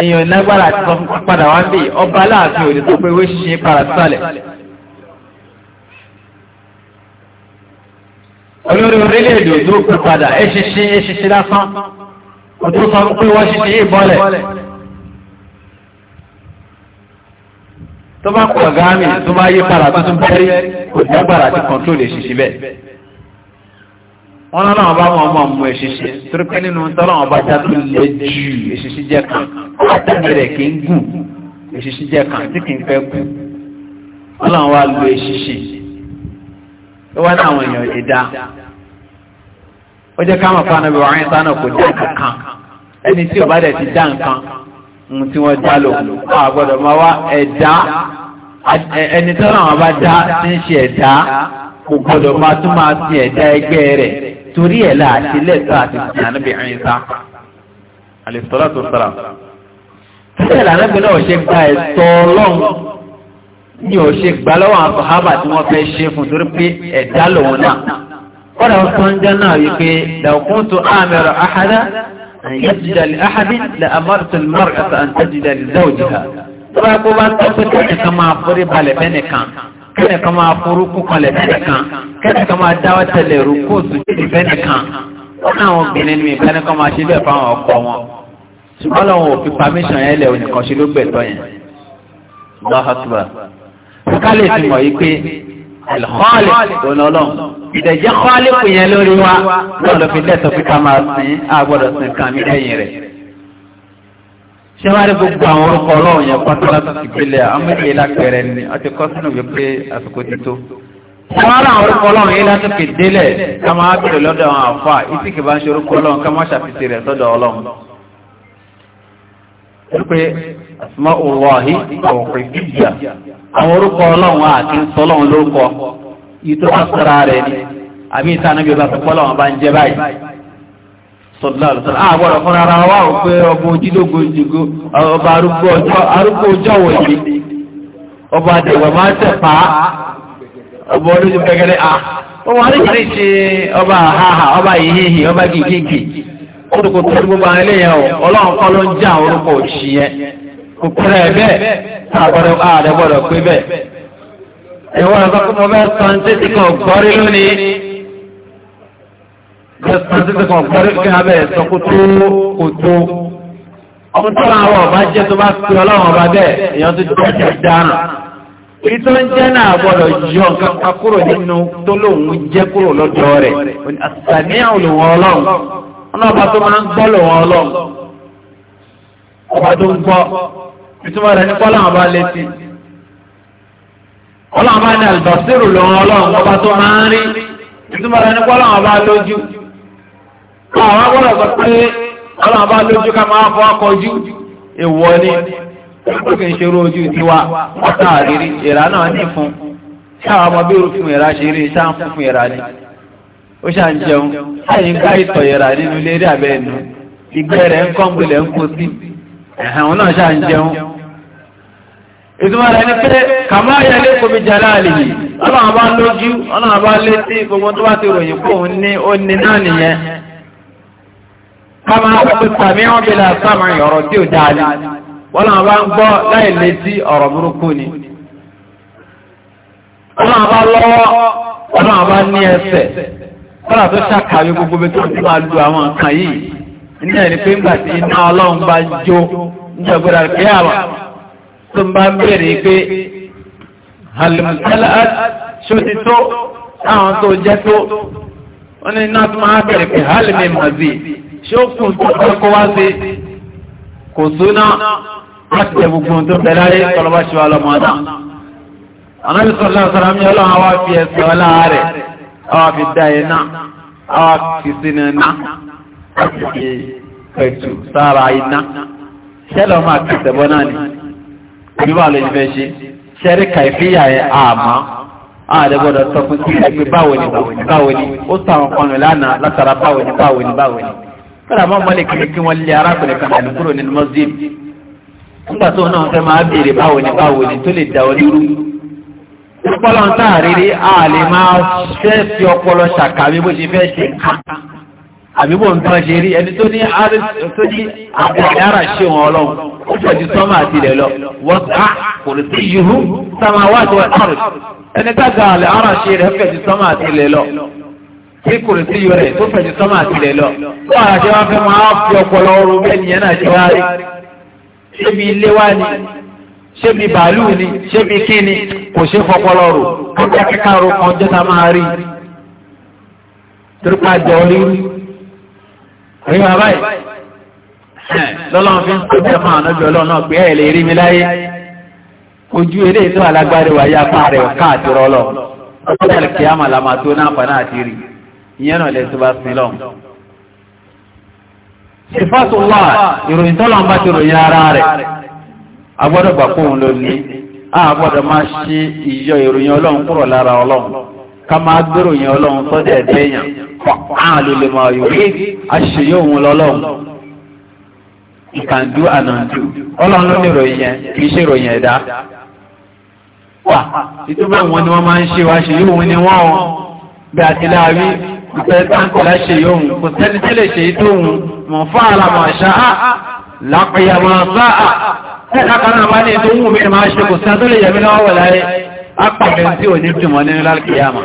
èèyàn lágbára àti sọ fún padà wá ń bè ọba láàfin òde tó pé wéṣíṣe para sálẹ̀. olórí orílẹ̀-èdè òdó kú padà eṣinṣin eṣinṣin lásán òdó sọ pé wọ́n ṣinṣin yìí bọ́lẹ̀. tó bá pọ̀ gáàmì tó bá yí para tuntun bẹ́rí kò lágbára àti kọ̀ńtrólì eṣinṣin bẹ́ẹ̀ wọ́n lọ́nà ọba mọ̀ ọmọ mú ẹ̀ṣiṣẹ́ torí pé nínú tọ́lọ̀ ọba já tó lè jù ẹ̀ṣiṣẹ́ jẹ́ kan látàrí rẹ̀ kì í gùn ẹ̀ṣiṣẹ́ jẹ́ kan tí kì í fẹ́ kú wọ́n lọ́nà wa lo ẹ̀ṣiṣẹ́ ó wá ní àwọn èèyàn ìdá ó jẹ́ ká mọ̀ fún anábì wàhán sánà kò dá kankan ẹni tí ọba dẹ̀ ti dá nǹkan ń tí wọ́n já lò wọ́n àgbọ̀dọ̀ máa wá ẹ̀dá ẹni tọ́lọ̀ torí ẹ̀ láà ṣe lẹ́tọ́ àti sìn ànábì Ìsá àlèsọ́látò sára sílẹ̀ lànàbì náà ṣe gba ẹ̀tọ́ ọlọ́run ní ò ṣe gbà lọ́wọ́ àwọn sọ̀hábà tí wọ́n fẹ́ ṣe fún torí pé ẹ̀dá lòun náà kọ́dà sọ́njẹ́ náà wípé làkúntù àmẹ́rọ àhádá àyẹ́sìdà àhádí lè amárùtù mọ́rùkàtà àǹtẹ́jìdà lè dáwòjìdà tó kó bá tọ́ pé kẹ́kẹ́ kan máa forí balẹ̀ bẹ́nìkan kẹ́lẹ̀ kan máa forúkú kanlẹ̀ tẹ́lẹ̀ kan kẹ́lẹ̀ kan máa dáwọ́ tẹ́lẹ̀ rú kóòtù tẹ́lẹ̀ fẹ́lẹ̀ kan wọ́n àwọn obìnrin ní ìbẹ́ni kan máa ṣe bẹ́ẹ̀ fáwọn ọkọ wọn ṣùgbọ́n lọ́wọ́ òfin pàmíṣàn yẹn lẹ̀ onìkan ṣe ló gbẹ̀tọ́ yẹn lọ́hàtúbà kálẹ̀ ti mọ̀ yí pé ẹ̀lọ́ọ̀lẹ̀ ọlọ́lọ́n ìdẹ̀jẹ́ kọ́ọ̀lẹ̀ kù yẹn lórí wa lọ́ọ̀lọ́ fi fi ká máa sìn á gbọ́dọ̀ sìn kàn mí rẹ̀ ṣé wàá rí gbogbo àwọn orúkọ ọlọ́run yẹn pátá láti ìpínlẹ̀ amúlẹ̀ lápẹ̀rẹ̀ ni àti kọ́sínù wípé àsìkò ti tó. se wàá rí àwọn orúkọ ọlọ́run yẹn láti kè délẹ̀ ká máa bèrè lọ́dọ̀ àwọn àfa ìtì kì bá ń ṣe orúkọ ọlọ́run ká má ṣàfihàn rẹ̀ sọ́dọ̀ ọlọ́run. wípé asma ullahi ọ̀pẹ̀ bíyà àwọn orúkọ ọlọ́run àti sọlọ́run lórúkọ ìtọ́ àṣírà rẹ̀ ni àbí ìtànàbí ọba sọpọ́lọ́run bá ń jẹ báyìí sọ̀dọ̀lọ́sọ̀dọ̀ àgbọ̀rọ̀ fún ara wá ò pé ọba ojílógún ọba arúgbó ọjọ́ wòye ọba àdẹ̀wẹ̀ máa ń ọba ọba àhàhà ọba ìhìhì ọba gìgìgì tó o ọlọ́run kọ́ ló ń orúkọ pé bẹ́ẹ̀ kẹsàn-án títí kan kọrí kí abẹ́ ẹ̀sọ́ kó tó kó tó. ọmọ tó máa wọ̀ bá jẹ́ tó bá pe ọlọ́run ọba bẹ́ẹ̀ èèyàn tó jẹ́ ẹ̀jẹ̀ dáhùn. ìtọ́ ń jẹ́ náà gbọ́dọ̀ yọ nǹkan kan kúrò nínú tó lòun jẹ́ kúrò lọ́dọ̀ rẹ̀ àtàníyàn olùwọ́ ọlọ́run ọlọ́ọ̀bá tó máa ń gbọ́ lòun ọlọ́run ọba tó ń gbọ́ ìtumọ̀ rẹ̀ ní kọ́lá ọba létí ọlọ́ọ̀bá ní àlùbọ̀sírù lòun ọlọ́run ọba tó máa ń rí ní àwọn agbọ́dọ̀ sọ pé ọlọ́run bá lójú ká máa fọ́ akọjú ni ó kì ojú tiwa ọ̀tá àrírí ìrà náà ní fún sáwọn ọmọ bí irú fún ìrà ṣe rí ṣáà ń fún fún ìrà ó ṣáà ń jẹun láyé ń ká ìtọ̀ ìrà nínú ilé rí abẹ́ ìgbẹ́ rẹ̀ ń ń kó sí ẹ̀hàn náà ń jẹun ìtumọ̀ rẹ̀ ni pé kàmá ayẹlé àlè yìí ọlọ́run bá lójú kama sàmì wọn bí la sàmì ọ̀rọ̀ tí ó dáadé wọn náà bá ń gbọ́ láì lè sí ọ̀rọ̀ burúkú ni wọn náà bá lọ́wọ́ wọn náà bá ní ẹsẹ̀ kọ́lá tó ṣàkàwé gbogbo bí tó ti máa lu àwọn nǹkan yìí ní ẹni pé ńgbà tí iná ọlọ́run bá jó ní ọgbẹ́ra pé àwọn tó ń bá ń bèèrè pé halimutala ṣó ti tó táwọn tó jẹ́ tó wọn ní iná tó máa bẹ̀rẹ̀ pé halimẹ̀ mazid ṣé ó kùn tó fẹ́ kó wá sí kò súná láti tẹ gbogbo ohun tó bẹ láyé tọlọba ṣe wà lọmọ náà anabi sọlá sọlá mi Ọlọ́run àwa fi ẹsẹ̀ ọlá rẹ̀ àwa fi dá ẹ náà àwa fi sínú ẹ náà láti fi pẹ̀tù sára iná ṣẹlẹ̀ ọmọ àti náà ni bí wàá lè fẹ́ ṣe ṣẹ́rí kàìfíyà ẹ̀ àmọ́ àdẹ́gbọ́dọ̀ sọ fún sí ẹgbẹ́ báwo ni báwo ni ó sàwọn kan lánàá látara báwo ni báwo ni báwo ni kọ́ra mọ́ mọ́lẹ̀ kiri kí wọ́n lé arákùnrin kan dànù kúrò nínú mọ́sídìí nígbà tó náà fẹ́ máa béèrè báwo ni báwo ni tó lè dà ọ́ lúrú ọpọlọ ń táàrírí a lè máa fẹ́ fi ọpọlọ ṣàkà bí bó ṣe fẹ́ ṣe ká àbí bó ń tán ṣe rí ẹni tó ní àdára ṣe wọn ọlọ́run ó pọ̀ ju sọ́mà àti ilẹ̀ lọ wọ́n ká kò lè sí yìí hù sáma wá àti wọ́n ẹni rẹ̀ fẹ̀ ju tí kòrò sí yọ rẹ̀ tó fẹ̀jú sọ́mà àtìlẹ̀ lọ. Wọ́n àṣẹ wá fẹ́ máa fi ọpọlọ ọrùn bẹ́ẹ̀ nìyẹn náà ṣe wá rí. Ṣébi ilé wá ni, ṣébi bàálù ni, ṣébi kí ni, kò ṣe fọpọlọ rò, kọ́kọ́ kíkà ro kan jẹ́ ta máa rí. Torípa jọ rí rí. Rí bàbá yìí. Lọ́lọ́run fi ń sọ bẹ́ẹ̀ fún àwọn ọjọ́ ọlọ́run náà pé ẹ̀ lè rí mi láyé. Ojú eré tó alágbárí wáyé apá rẹ̀ ká àti rọ́lọ́. Ọjọ́ ìkìyàmà làmà náà pa náà ti rí. ìyẹn náà lè tó bá sin lọ. ìfọ́sùnwá ìròyìn tọ́lọ̀ ń bá ti ròyìn ara rẹ̀ a gbà kóhun ló ní a gbọ́dọ̀ máa ṣe ìyọ ìròyìn ọlọ́run kúrò lára ọlọ́run ká máa gbéròyìn ọlọ́run sọ́dẹ̀ ẹ̀dẹ́yàn fọ́n ló lè máa yòókè àṣeyọ òun lọ́lọ́run ìkàndú ànàndú ọlọ́run ní ìròyìn yẹn kì í ṣe ìròyìn ẹ̀dá wà wọn ni wọ́n máa ń ṣe ni wọ́n ìfẹ́ táǹkọ̀ rẹ̀ ṣe yóò hùn kò sẹ́ni tí lè ṣe é tó hùn mọ̀ fún àlàmọ̀ àṣà á lápẹ̀yàmọ̀ àṣà á ẹ̀ lákàánà bá ní ètò hùn mi máa ṣe kò sẹ́ni tó lè yẹ̀mí lọ́wọ́ láyé ápàdé tí ò ní dùnmọ̀ nínú lálùkìyàmọ̀.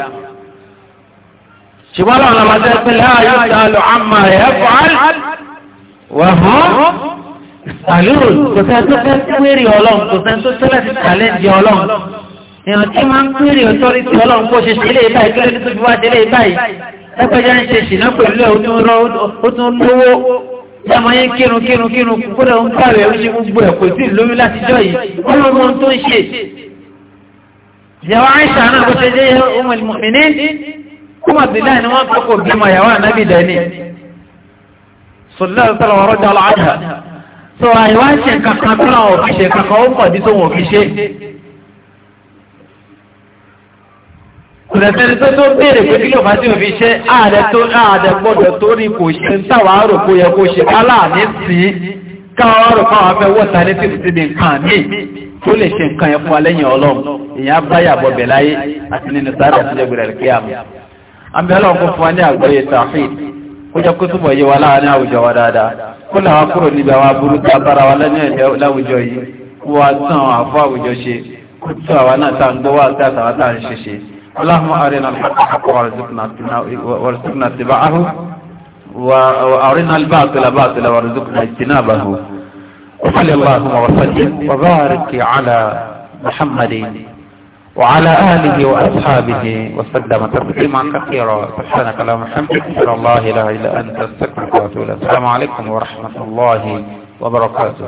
ṣùgbọ́n àwọn ọmọdé pé láàyò sàlù àmà ẹ̀ fàál wà hàn àlùrù kò sẹ́ni tó fẹ́ kúrì ọlọ́run kò sẹ́ni tó tẹ́lẹ̀ lágbájá ń ṣe ṣìnà pẹ̀lú ẹ̀ onírọ́ ó tún lówó yàmọ̀ yẹn kírun kírun kírun kúrẹ́ ń pààrẹ̀ ó ṣe gbogbo ẹ̀ kò sí lórí látijọ́ yìí wọ́n mọ ohun tó ń ṣe. ìyàwó àìsà náà kó ṣe jẹ́ ọmọ ìmọ̀mìnì kúmọ̀ bíláì ni wọ́n kọ́kọ́ bímọ ìyàwó ànábì dání. sọlá sọlá wọ́rọ́ jọ lọ́ àjà. sọ àyíwá ṣe kankan tó náà ò Ìrẹ̀sẹ̀ni tó tó béèrè pé kí ló máa tí ò fi ṣe ààrẹ tó ààrẹ gbọ́dọ̀ tó rí kò ṣe ń tàwà àrò kó yẹ kó ṣe aláàní sí káwà àrò fáwọn afẹ́ wọ́ta ní tìrì sí ní nǹkan mí tó lè ṣe nǹkan yẹn alẹ́yìn ọlọ́run èèyàn báyà bọ̀bẹ̀ àti nínú sáré wa ní àgbáyé tàfíì kó jẹ́ kó túbọ̀ yé wa láàárín àwùjọ wa dáadáa kó làwọn kúrò níbi àwọn aburú tá a bára wa lẹ́yìn láwùjọ yìí kó wa tán àwọn àfọ àwùjọ ṣe kó tún àwa náà tá à ń gbọ́ wá àti àtàwọn tá à ń ṣe ṣe. اللهم أرنا الحق حق وارزقنا اتباعه وأرنا الباطل باطل وارزقنا اجتنابه وصل اللهم وسلم وبارك على محمد وعلى آله وأصحابه وسلم تسليما كثيرا سبحانك اللهم وبحمدك أشهد أن لا إله إلا أنت أستغفرك وأتوب إليك السلام عليكم ورحمة الله وبركاته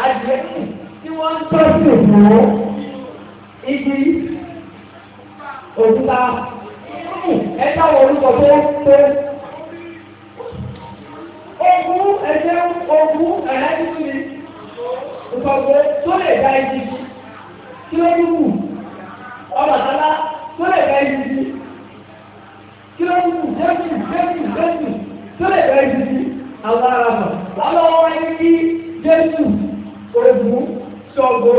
àjẹ́kù tí wọ́n ń tọ́jú òkú igi òkúta ẹ̀ka orúkọ tó tó ogun ẹ̀jẹ̀ ogun ẹ̀rẹ́dìtì ìfọ̀gbẹ́ tó lè gba igi tí ó ń wù tó lè gba igi tí ó ń wù jẹ́kù jẹ́kù jẹ́kù tó lè gba igi àwọn ará mọ̀ lálọ́wọ́ Ògún Ṣàngó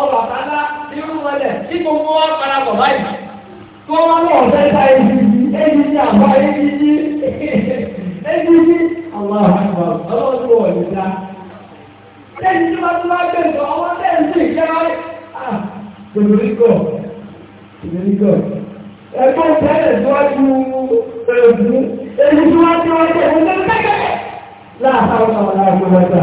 Ọbàtálá irúnmọlẹ̀ tí gbogbo wa parapọ̀ báyìí tó wọn náà fẹ́ ta ẹni yìí ẹni yìí àbá ẹni yìí ẹni yìí àwọn àgbà ọlọ́run tó wọ̀ nígbà. Lẹ́yìn tí wọ́n ti wá gbé nǹkan ọwọ́ lẹ́yìn tí ìjẹ́ wáyé. Dominicọ̀ Dominicọ̀ ẹgbẹ́ ìtẹ́lẹ̀ síwájú Ògún ẹni tí wọ́n ti wá gbé nǹkan láàárọ̀ àwọn àgbà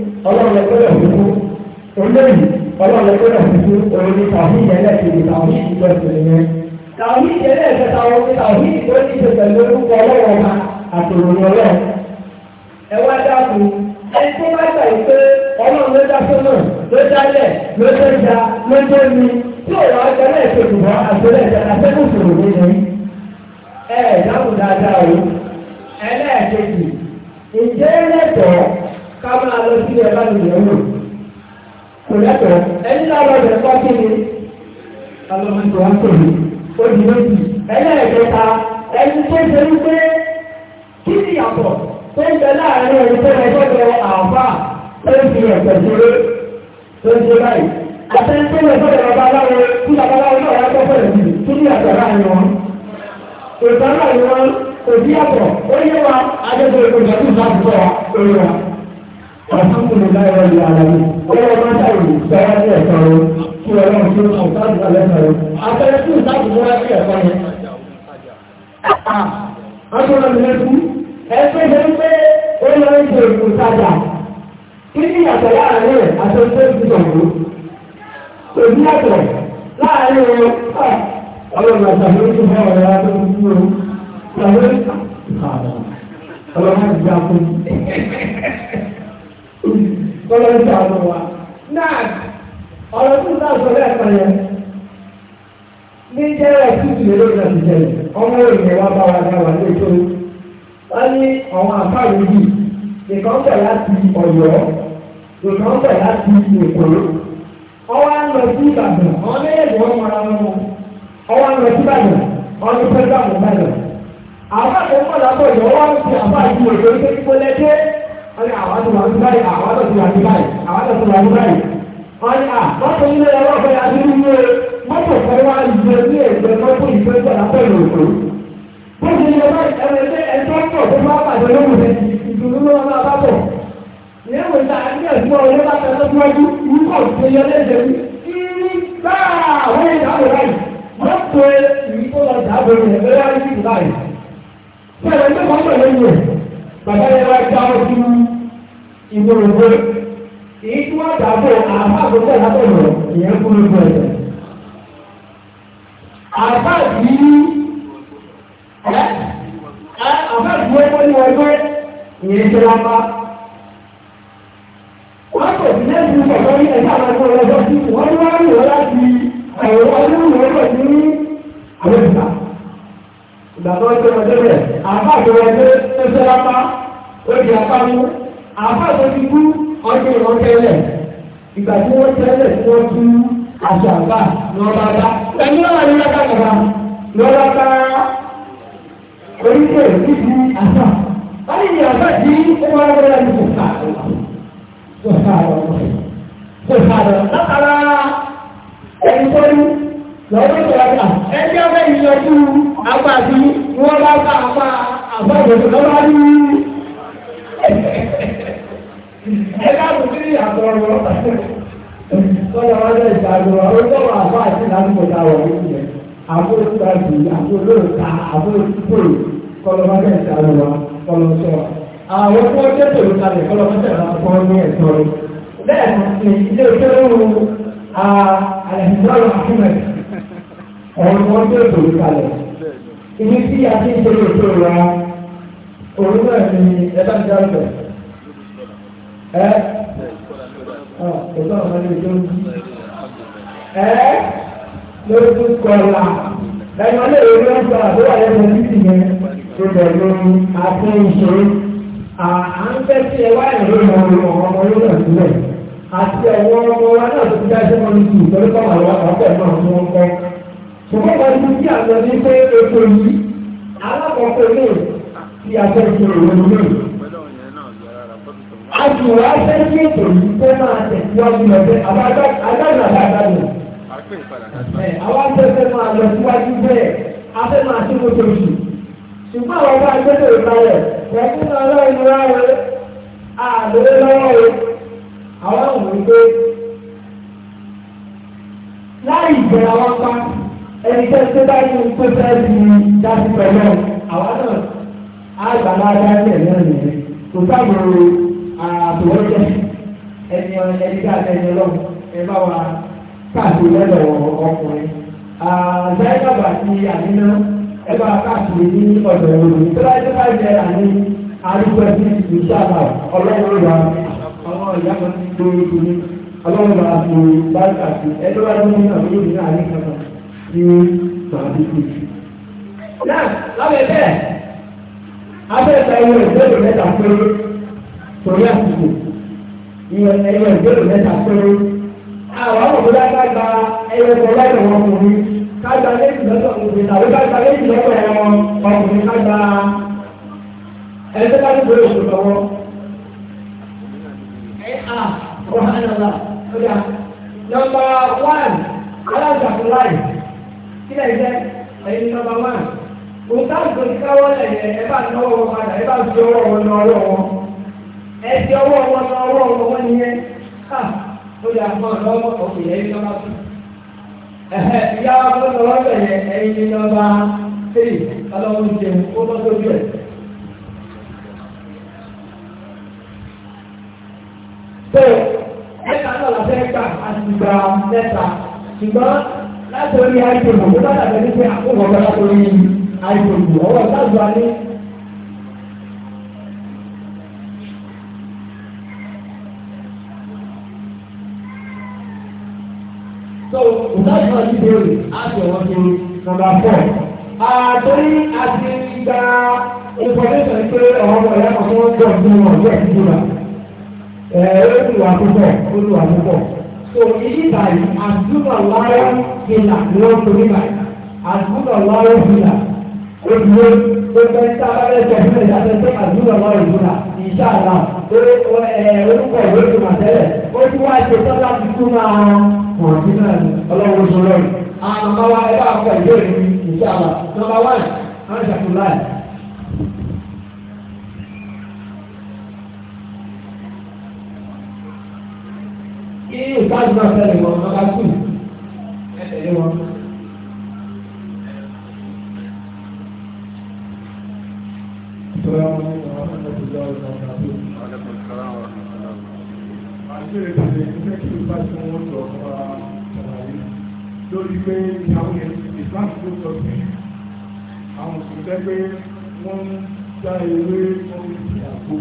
ọlọ́run lọ gbọ́dọ̀ fífún olóyìn ọlọ́run lọ gbọ́dọ̀ fífún òun ni tàbí ìyẹlẹ tàbí ìgbọ́ ìṣẹ̀lẹ̀ tàbí ìyẹlẹ tàbí ìgbọ́ ìṣẹ̀lẹ̀ pẹ̀lú orúkọ ọlọ́run ọba àtòròyìn ọlọ́run. ẹ wá dáàbò ẹni tó bá gbà yìí pé ọlọ́run ló dá sọ́nà ló dálẹ̀ ló dé ìjà ló dé mi tí òun àjọ náà ṣe ìbùbọ̀ àtòlẹ̀ ìjà àtẹ́kùsòrò nínú ẹ̀ dáàbò ká máa lọ sílẹ̀ láti yẹ̀ wò kò lẹ́tọ̀ọ́ ẹni náà lọ bẹ̀rẹ̀ kọ́ kí ni ọlọ́run tó ń tòlù ó di méjì ẹlẹ́ẹ̀kẹta ẹni tó ṣe wípé kí ni yàtọ̀ tó ń bẹ láàárín ẹni tó ń gbọ́dọ̀ àbá tó ń fi ẹ̀sẹ̀ dúró tó ń ṣe báyìí àtẹnudé lè fẹ́ ìrọ̀bá aláwo tí babaláwo náà yà kọ́ fẹ́rẹ̀ sí kí ni yàtọ̀ láàárín wọn ìgbà náà ni wọn kò sí yàtọ̀ ó yé wa adébẹ̀rẹ̀ kò jẹ́ kí n bá ti sọ wa lórí wa alhamdulilayi wa yi alayi ọlọ́wọ́ máa ta ìlú sọ́wọ́ sí ẹ̀sọ́ rẹ kí ọlọ́run tó kàn sáàbù alẹ́sọ̀ rẹ abẹ́rẹ́ tí ìsáàbù múra sí ẹ̀sọ́ rẹ. Adúlọ̀ mi lẹ́kú ẹgbẹ́ ṣe ń pé ó lọ ń ṣe ìlú sájà kí ni ìyàtọ̀ láàárín rẹ̀ àti ọjọ́ ìdíjọ ìlú. Òbí yàtọ̀ láàárín rẹ̀ ọlọ́run àtàlóyún fún ọ̀rẹ́ adókòwò ọlọ́run àti kọ́lọ́ ń ta ọ̀nà wa náà ọ̀rọ̀ tó ń sọ lẹ́ẹ̀kan yẹn ní jẹ́rẹ̀ títù lè lóògbé àti jẹ́rẹ̀ ọmọ ènìyàn wa bá wa dá wa ní ètò wọ́n ní àwọn àfáàrí yìí nìkan bẹ̀ láti ọ̀yọ́ nìkan bẹ̀ láti èkó ọwọ́ á sí ìbàdàn ọmọ méjèèjì wọn mọra wọn mọ ọwọ́ á sí ìbàdàn ọmọ pẹ́ẹ́tà mọ̀ bàdàn àwọn àkókò làbọ̀ ìyọ́wọ́ ti àbá ìdúró lórí pé kí wọ́n ní àwọn àtúnwà ní báyìí àwọn àtúnwà ní báyìí àwọn àtúnwà ní báyìí wọ́n ní à mọ́tò ilé ẹ̀rọ ọ̀fẹ́ adúlúwé mọ́tò fẹ́wà ìgbẹ́ ní ẹ̀gbẹ́ mọ́tò ìgbẹ́ gbọ́dá pẹ̀lú òkú. bó ti ní ẹgbẹ́ ẹgbẹ́ ẹgbẹ́ pọ̀ tó bá pàdé lóhùn rẹ̀ ìdùnnú ló máa bá bọ̀. ìyẹn wò ta ní ẹ̀gbọ́ ọ̀rẹ́ bá tẹ̀lé síwájú wúkọ̀ tó yẹ lẹ́jẹ̀ ní báà wọ́n yẹ ìdáàbò báyìí mọ́tò ìyí tó lọ dáàbò rẹ̀ ẹgbẹ́ láti ìdáàbò báyìí ìgbòrògbò èyí tí wọ́n dàbò àbáàbòtẹ́ látọ̀rọ̀ ìyẹn gbòrògbò ẹ̀jẹ̀. àbáàbí ẹ àbáàbí ọkọ̀ ní ọgbẹ́ ìyẹn jẹ́ lápá. wọ́n kò sí lẹ́sìn ìfọ̀tọ́ ní ẹ̀ka àbájọ ọlọ́jọ́ sí wọ́n ní wọ́n lò láti ẹ̀rọ ọdún ìrọ́lọ́ sí àbẹ́bùkà. ìgbà tó ń tẹ́ ọjọ́ rẹ̀ àbáàbí ọjọ́ tẹ́lẹ̀ ìgbà tí wọ́n tẹ́lẹ̀ tí wọ́n tú aṣọ àgbà ni wọ́n bá bá ẹni wọ́n wà ní lọ́ta kọ̀ọ̀kan ni wọ́n bá bá oríṣi ìdíjú àṣà wọ́n ní ìyàwó àti ọmọ ọgbẹ́ láti kò fà kò fà lọ kò fà lọ látara ẹni tó ní lọ́wọ́ tó wà ká ẹni ọgbẹ́ yìí lọ tú apá àti wọ́n bá bá apá àbọ̀ ìdòdó lọ́wọ́ ẹ ìyẹn àbúrò tó àjù àbúrò lóòótá àbúrò tó kọlọmọdé ìṣàlù wa ni ilé iṣẹ́ ń tẹ́tò ìṣòro ẹ́ ọ̀tọ́ ọ̀rọ̀ ní ń bí ẹ́ lójú kọlà ẹ̀yọ́ lè rí ọ̀sọ̀ àbúrò ẹ̀yọ́ títì yẹn tó bẹ̀rẹ̀ lórí àti ìṣòro à ń fẹ́ sí ẹwà ìlú ìmọ̀ràn ọmọ ọmọ yóò nà sílẹ̀ àti ẹ̀wọ̀ ọmọ wa náà tó dá sí wọn ní ìtọ́jú kọ́mà lọ́wọ́ àkọ́kọ́ ẹ̀ náà tó ń kọ́ ṣùgbọ́n wọn ti kí àgbẹ̀ ní pé ètò yìí alákọ̀ọ́kọ́ náà ti àgbẹ̀ ìṣòro ìwé àjùwà sẹ́yìn ètò yìí tó máa tẹ̀síwájú lọ́sẹ̀ agbára àgbàdo. àwọn afẹ́fẹ́ máa lọ síwájú bẹ́ẹ̀ afẹ́ máa tí mo tó jù. ṣùgbọ́n àwọn ọba agbẹ́dẹ̀ ìbálẹ̀ ẹ̀kún náà lọ́wọ́ ìlú rárẹ̀ àlọ́lé lọ́wọ́ o. àwọn àwọn òwe láì jẹ́ àwọn pa ẹni tẹ́ tó bá yẹ kó fẹ́ di dájú pẹ̀lú àwọn náà àgbàlá dájú ẹ̀ náà nìyẹn àtòwọ́jẹ́ ẹni ẹni tí a ti ẹni ọlọ́run ẹ bá wa káàkiri lẹ́dọ̀ ọkùnrin. àzáyébàbà àti àníná ẹ bá káàkiri ní ọ̀dọ̀ òru tó bá tó bá jẹ àní arúgbó ẹbí ìṣàbà ọlọ́run wa àwọn ìyá kan ti lórí ìdúró ọlọ́run wa kò bá kàkiri ẹjọ́ bá lóyún náà lóyún náà ní kankan ní tàbí kejì. náà lábẹ́ bẹ́ẹ̀ abẹ́ẹ̀ta ìwé ìgbẹ́dọ̀ mẹ́ta péré torí àsìkò ìyẹn ẹyẹ ìbéèrè mẹ́ta péré àwọn àwọn òbí lágbá gba ẹyẹ kọ láì lọ́wọ́ ọkùnrin kágbá lẹ́yìn lọ́sọ̀ ọkùnrin tàbí kágbá lẹ́yìn lọ́sọ̀ ẹ̀wọ̀n ọkùnrin kágbá ẹ̀ẹ́dẹ́gbá ní ìbéèrè òṣù lọ́wọ́. ẹ̀ẹ́dà ọ̀hánàlá ọjà nọ́mbà wán aláǹdàkùn láì kílẹ̀ jẹ́ ẹ̀yin nọ́mbà wán òun táwọn ìgbòsíkáwọ́ lẹ̀ ẹ̀ bá náwó wọn padà ẹ bá fi ọwọ́ wọn náà lọ́wọ́ ẹ̀jẹ̀ ọwọ́ wọn lọ ọwọ́ wọn wọ́n nìyẹn ká ó yà fún ọ̀dọ́ ọkùnrin ẹ̀yìn lọ́wọ́ sí. ẹ̀hẹ̀ ìyá wa tó lọ lọ́sẹ̀ yẹn ẹ̀yìn ní lọ́ba tẹ́lẹ̀ ọlọ́run jẹun ó lọ́ sójú ẹ̀. tó mẹ́ta náà la gbà àti mẹ́ta ṣùgbọ́n látòrí àìsàn òwò bá dàgbẹ́ àkókò ọ̀gá látòrí àìsàn òwò ọ̀rọ̀ láti máa ti béèrè láti ọ̀wọ́n ti nàmbà fọ́. àtòrí àti ìgbà ìfọ̀dẹ́sọ̀ pé ọ̀rọ̀ ọmọ ìyá kan tó ń bọ̀ nínú ọ̀rọ̀ ìyá ìdúrà olùwà púpọ̀ olùwà púpọ̀. so èyí báyìí àdúgbò láyọ̀ ìlà ni wọ́n torí báyìí àdúgbò láyọ̀ ìlà olùwé pépé tá a bẹ́ẹ̀ tẹ̀ fún ẹ̀dá tẹ̀ àdúgbò láyọ̀ ìlà ìṣá àlà orúkọ ìwé ìmọ̀tẹ́lẹ̀ ó ti wá ṣe tọ́lá tuntun náà wọ́n ti náà ní ọlọ́run sọ lọ́rùn. àwọn ọmọ wa ẹ bá ń fọ ìbéèrè mi ìṣe àlà nọ́mbà wáìn wọ́n ṣàkó láì. iye ìsáájú náà fẹ́lẹ̀ wọn nọ́mbà tù ẹ tẹ̀lé wọn. Thank you bẹ̀rẹ̀ bẹ̀rẹ̀ ẹgbẹ́ kí ló bá tí wọ́n sọ fún àlàyé lórí pé ìyàwó yẹn ìsìláàmù tó sọ sí àwọn òṣìṣẹ́ pé wọ́n ń já ewé wọn ń fi àgbo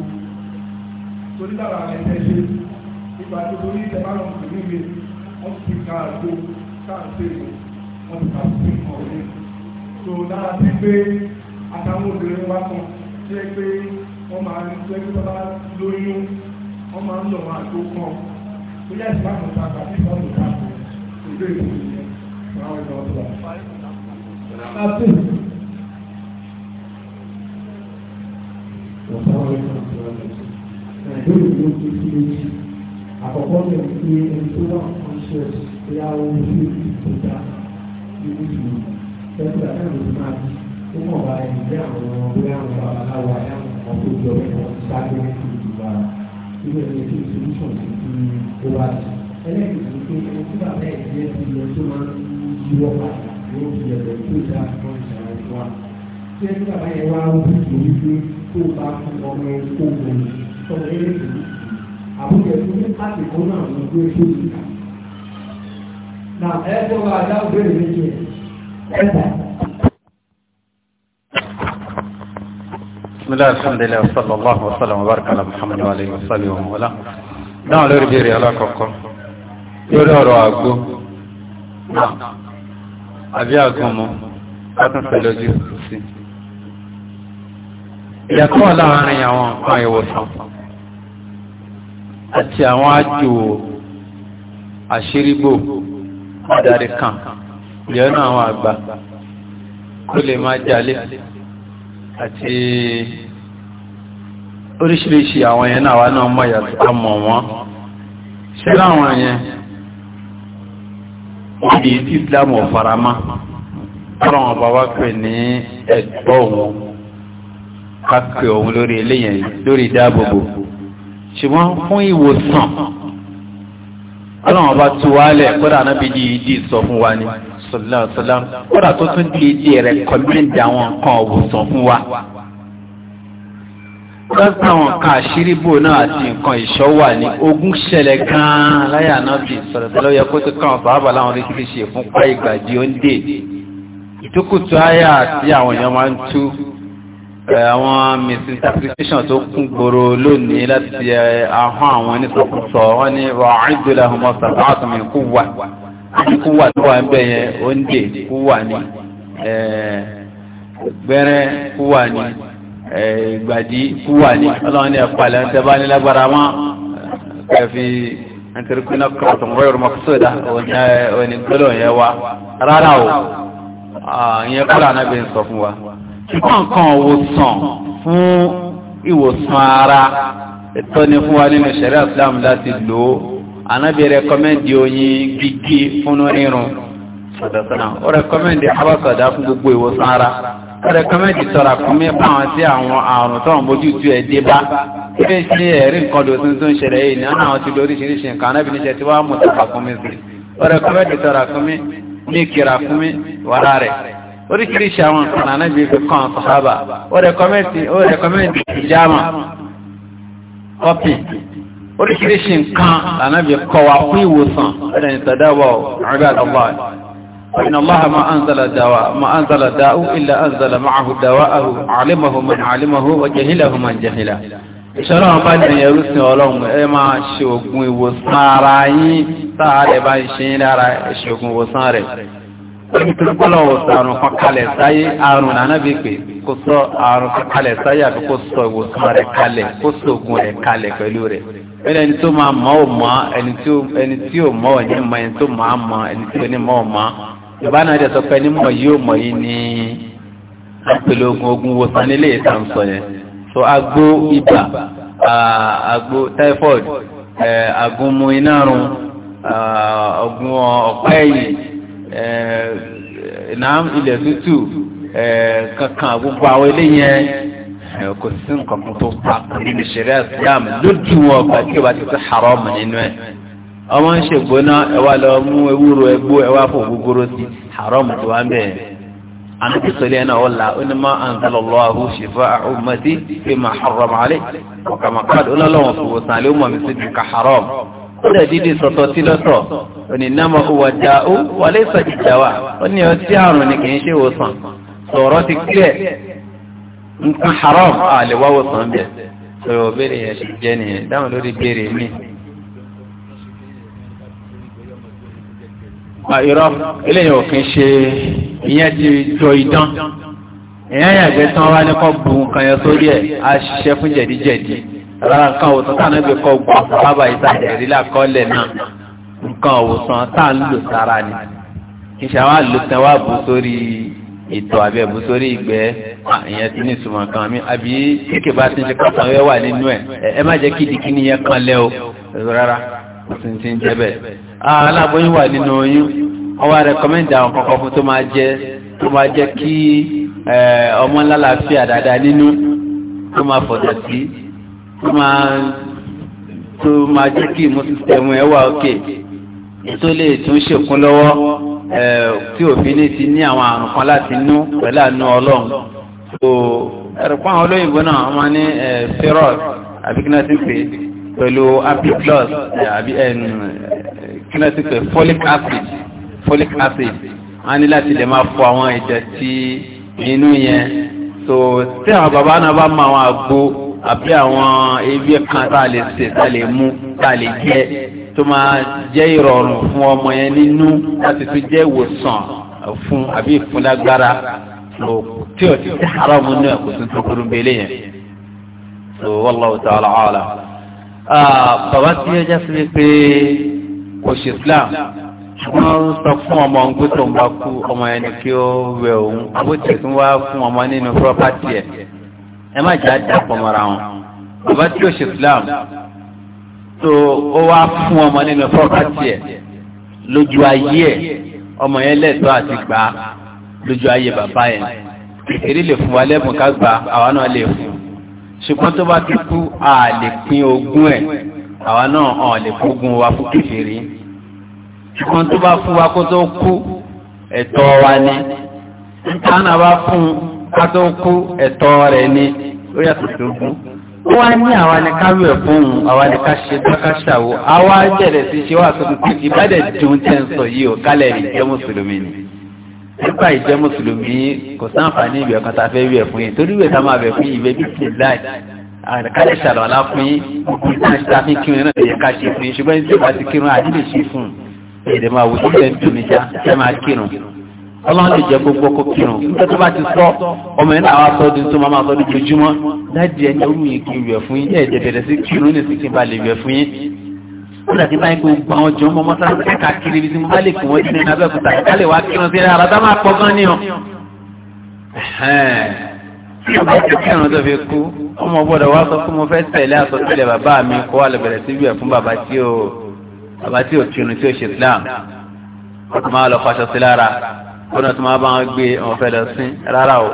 torí dára ẹ̀ṣẹ̀ ṣe ìgbà tó torí ìjọba náà kò níbi wọ́n ti ka àgbo káàkiri wọ́n ti ka sí ọ̀rẹ́ tó dára sí pé àtàwọn obìnrin wa kan ṣe pé wọ́n máa ń ṣe pé bàbá lóyún wọ́n máa ń lọ wọn àti ókọ́ ó yá ìgbà kan ta àgbà nípa ọ̀dọ̀ ta ìlú èkó ìyẹn fún àwọn ìlú ọ̀dọ̀ àbú. Nàìjíríà ló ti fi méjì. Àkọ́kọ́ lè fi ẹni tó wà conscious pé àwọn ojú ìlú tó dá nínú ìlú. Tẹ́tí àtàwọn ìlú máa bí. Ó mọ̀ bá ẹni bí àwọn ọmọ bí àwọn babaláwo àyàwó ọ̀pọ̀ ìjọba ìwọ̀n sáré ìwé ẹ̀rọ ìṣe solution tó wà jù ẹlẹ́kìtì pé ẹni tí bàbá ẹ̀ jẹ́ ti lọ tó máa ń yíwọ́ padà ló fi ẹ̀rọ tó dáa fún ìṣẹ̀lẹ̀ tó wà. tí ẹni bàbá yẹn wá ń bí torí pé tó bá fún ọmọ ẹ tó wọ ọmọ ẹ lè tẹ̀lé àbújá tó ní pàtì kan náà ló gbé tó yìí. nà ẹ tó wá dá òbẹ̀rẹ̀ méjì ẹ̀ ẹ̀ بسم الله الحمد لله وصلى الله وسلم وبارك على محمد وعلى اله وصحبه ومن والاه náà lórí ìbéèrè alákọ̀ọ́kọ́ lórí ọ̀rọ̀ àgbo náà àbí àgúnmu látúnfẹ́ lójú sí ìyàtọ̀ wà láàárín àwọn nǹkan ìwòsàn àti àwọn àjò àṣírígbò ọ̀dàrí kan ìyẹn náà àwọn àgbà kó lè máa jalè àti oríṣiríṣi àwọn yẹn náà wá náà mọ̀ yàtọ̀ àmọ̀ wọn ṣé láwọn yẹn wọ́n di Islam ọ̀farama ọ̀rọ̀ wọn bàbá pè ní ẹ̀gbọ́ òun ká pè òun lórí eléyẹn lórí ìdáàbòbò ṣùgbọ́n fún ìwòsàn ọlọ́wọ́n bá tú wálẹ̀ kódà náà bí di ìdí sọ fún wa ni sallallahu alaihi wasallam kódà tó tún di di rẹ̀ kọ́míǹdì àwọn nǹkan ọ̀wùsàn fún wa. lọ́sàn àwọn nǹkan àṣírí bò náà àti nǹkan ìṣọ́ wà ní ogún ṣẹlẹ̀ gan-an láyà náà bí sọ̀rọ̀ lọ́wọ́ yẹ kó tó kàn bàbá láwọn oríṣiríṣi ìfúnpá ìgbà di ó ń dè. ìtókùtù ayé àti àwọn èèyàn máa ń tú àwọn misinterpretation tó kún gbòòrò lónìí láti ahọ́n àwọn oníṣòkùsọ̀ wọ́n ní wàá kú wà tó wà ń bẹ yẹn oúnjẹ kú wà ní gbẹrẹ kú wà ní gbàdí kú wà ní ọlọ́run ní ẹ̀pàlẹ̀ ń tẹ́ bá ní lágbára mọ́ kẹfì ẹ̀ntẹ̀rẹ̀kúnná kọ̀ọ̀tún rẹ̀ rọ̀mọ́ sódà òní gbọ́dọ̀ yẹn wa rárá o ìyẹn kúrò ànábì ń sọ fún wa ṣùgbọ́n nǹkan òwòsàn fún ìwòsàn ara ìtọ́ni fún wa nínú ṣẹ̀ríà Islam láti lò ó anabi rẹkọmẹ́ndì oyin gígí fún irun ó rẹkọmẹ́ndì abasada fún gbogbo ìwòsàn ara ó rẹkọmẹ́ndì tọrọ àkọmí báwọn sí àwọn àrùn tọrọ mójútó ẹ dé bá ṣé ṣe ẹ̀rí nǹkan dòtún tó ń ṣẹlẹ̀ yìí ní ọ̀nà àwọn ti lóríṣiríṣi nǹkan anabi níṣẹ́ tí wàá mú tọrọ àkọmí sí ó rẹkọmẹ́ndì tọrọ àkọmí ní kiri àkọmí wàrà rẹ̀ oríṣiríṣi àwọn nǹkan anabi fi kàn sàhábà oríṣiríṣi nǹkan lànàbí kọwa fún ìwòsàn ẹ̀rẹ̀ ìtàdáwọ̀ ọ̀rẹ́gbàdàwà ọ̀nà Allah ma anzala dawa ma anzala da'u illa anzala ma'ahu dawa'ahu alimahu man alimahu wa jahilahu man jahila ìṣọ́nà ọba ní ẹrú sin ọlọ́run ẹ máa ṣe ògùn ìwòsàn ara yín sáàrẹ̀ bá ń ṣe yín lára ṣe ògùn ìwòsàn rẹ̀ ìtúrúkọ́lọ̀ òsàn àrùn kan kalẹ̀ sáyé pé kó sọ àrùn kan sáyé àbí kó sọ ìwòsàn rẹ̀ kalẹ̀ pẹ̀lú rẹ̀ ẹni ẹni tó máa mọ ò mọ ẹni tí ẹni tí ò mọ ẹni mọ ẹni tó máa mọ ẹni tí ẹni mọ ò mọ yorùbá náà dẹsọ pé ẹni mọ yìí ò mọ yìí ní àpèlè ogun ogun wo san nílé ìta ń sọ yẹn so agbo ibà agbo typhoid agunmu inárun ogun ọ̀pá ẹ̀yìn náà ilẹ̀ tútù kankan gbogbo àwọn eléyẹn kò sí nǹkan tó pa nínú ìṣẹ̀rẹ́ islam lójú wọn ọgbà tí o bá ti fi haram nínú ẹ̀ ọmọ ń ṣègbóná ẹ wá lọ mú ewúro ẹgbó ẹ wá fún gbogbooro sí haram tó wá ń bẹ̀rẹ̀ àti sọlẹ̀ náà wọ́n la ó ní má anzalallahu shifaa ummati fima harrama alayhi ọ̀kàmọ̀kàdé ọlọ́lọ́wọ̀n fún wòsàn àlẹ́ ọmọ mi sí ju ka haram ó dẹ̀ dídì sọ̀tọ̀ sí lọ́tọ̀ onínàmọ́ òwò àjà ó wọlé sọ̀tì jà wa ó ní ni kì í ṣe wòsàn sọ̀rọ̀ ti kílẹ̀ nǹkan haram àlè wáwò sàn bẹ̀ sọ̀rọ̀ òbèrè yẹn ṣe jẹ́ nìyẹn dáhùn lórí béèrè mi. irọ́ eléyìí ò kí ń ṣe ìyẹn ti jọ idán èèyàn yàgbẹ́ tán wá ní kọ́ bu nǹkan yẹn sórí ẹ̀ á ṣiṣẹ́ fún jẹ̀díjẹ̀dí rárá nǹkan òsàn táwọn ẹgbẹ́ kọ́ gbọ́ bábà ìsàlẹ̀ rí lákọ́ọ́lẹ̀ náà nǹkan òsàn tá ń lò sára ni ìṣàwọn àlùtẹ̀ wà bù sórí ìtọ̀ àbí ẹ̀bù sórí ìgbẹ́ ìyẹn ti ní ìsúnmọ̀ kan mi àbí kíkè bá ti ń ṣe kọ́kàn rẹ wà nínú ẹ̀ ẹ má jẹ́ kí ìdíkíní yẹn kan lẹ́ o rárá tí ń ti ń jẹ́ bẹ́ẹ̀. aláboyún wà nínú oyún wọ́n wá rẹkọmẹ́ndì àwọn kọ̀ọ̀kan fún tó máa jẹ́ tó máa jẹ́ kí ọmọ ńlá làáfíà dáadáa nínú tó máa fọ̀dọ̀ sí tó máa tó máa jẹ́ kí ìmú ẹ̀ wà òkè tó lè tún ṣèkún lọ́wọ́ tí òfin ní ti ní àwọn àrùn kan láti nú pẹ̀lú àánú ọlọ́run tó ẹ̀rù fún àwọn olóyìnbó náà wọ́n ní ferrous àbí kí náà ti pè pẹ̀lú apiplus àbí kí náà ti pè folic acid folic acid wọ́n ní láti lè máa fọ àwọn ìdọ̀tí inú yẹn tó tí àwọn bàbá náà bá mọ àwọn àgbo àbí àwọn ewé kan tá a lè sè tá a lè mú tá a lè jẹ tó máa jẹ́ ìrọ̀rùn fún ọmọ yẹn nínú láti fi jẹ́ ìwòsàn fún àbí ìfúnlágbára tí o ti haramu náà kò tún tó kúrú bẹ́lẹ̀ yẹn so wallahu ta'ala ala. bàbá tí ó jásí pé kò ṣe Islam wọ́n sọ fún ọmọ ọ̀gbẹ́ tó ń bá kú ọmọ yẹn ni kí ó wẹ̀ òun abótí tún wá fún ọmọ nínú property ẹ̀ ẹ má jà dàpọ̀ mọ́ra wọn bàbá tí ó ṣe Islam so ó wá fún ọmọ nínú property ẹ̀ lójú ayé ẹ̀ ọmọ yẹn lẹ́tọ́ àti gbà á lójú ayé bàbá yẹn kékeré lè fún wa lẹ́bùn ká gbà àwa náà lè fún ṣùgbọ́n tó bá ti kú a lè pín ogún ẹ̀ àwa náà ọ̀ lè fógun wa fún kékeré ṣùgbọ́n tó bá fún wa kó tó kú ẹ̀tọ́ wa ni tánà bá fún ká tó kú ẹ̀tọ́ rẹ̀ ni ó yàtọ̀ tó gún ó wá ní àwọn anìkáwé ẹ̀fún àwọn anìkáṣe dákáṣàwó àwọn ajẹ́rẹ̀ sí ṣe wà sókùn pé ìbádẹ̀ dùn tẹ́ ń sọ yìí ò kálẹ̀ rí jẹ́ mùsùlùmí ni nípa ìjẹ́ mùsùlùmí kò sáǹfààní ìwé ọ̀kan tá a fẹ́ wí ẹ̀fún yìí torí ìwé tá a máa bẹ̀ fún ìwé bí ti láì ọlọ́run lè jẹ́ gbogbo kó kírun nígbà tó bá ti sọ ọmọ yẹn náà wá sọ di tó máa máa sọ di lójúmọ́ dájú ẹni orú yìí kí n rẹ̀ fún yín ẹ̀ẹ́dẹ̀ bẹ̀rẹ̀ sí kírun ní sísìn ba lè rẹ̀ fún yín nígbà tí báyìí kò gbà wọn jọ mọ́ mọ́tà káàkà kiri ibi tí mo bá lè kó wọn jìnnà abẹ́òkúta kálẹ̀ wá kírun sí ara tá máa pọ̀ gan ni o. tí o bá ti kírun tó fi kú ọmọ gbọ́dọ̀ wá sọ fún mo fẹ́ tẹ̀lé àsọtẹ́lẹ̀ bàbá mi kó wà lọ bẹ̀rẹ̀ sí wíwẹ̀ fún bàbá tí o bàbá tí o kírun tí o ṣe Islam ọtún máa lọ fàṣọ sí lára kọ́nà tó máa bá wọn gbé wọn fẹ́ sí rárá o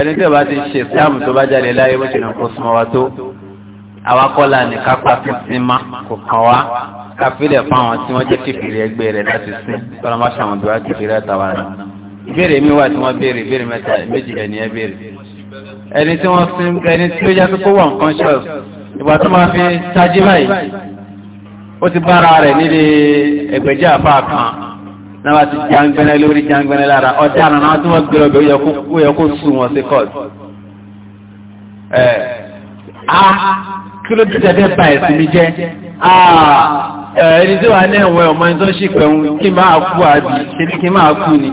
ẹni tí ọba ti ṣe sáàmù tó bá jáde láyé bó ṣe nà kó súnmọ́ wa tó àwa kọ́lá ní kápá fífín má kò kàn wá káfílẹ̀ fáwọn tí wọ́n jẹ́ kékeré ẹgbẹ́ rẹ̀ láti sí kọ́nà má ṣàwọn bí wá kékeré àtàwà rẹ̀ ìbéèrè mi wà tí wọ́n béèrè ìbéèrè mẹ́ta méjì ẹni ẹ béèrè ẹni tí wọ́n sin ẹni tí ó yàtọ̀ kó wà nǹkan ìgbà tó máa fi tají báyìí ó ti bára rẹ̀ nílé ẹgbẹ̀jẹ̀ àbá kan náà wá ti jangbẹ́nẹ́ lórí jangbẹ́nẹ́ lára ọ̀daràn náà tí wọ́n gbé ọbẹ̀ ó yẹ kó sùn wọn sí kọ́ọ̀tù. ẹ a kí ló dé tẹ́tẹ́ bá ẹ̀sìn mi jẹ́ a ẹni tí wàá ní ẹ̀wọ̀n ọmọ ẹni tó ṣì pẹ̀hún kí máa kú àbí ṣe ní kí máa kú ni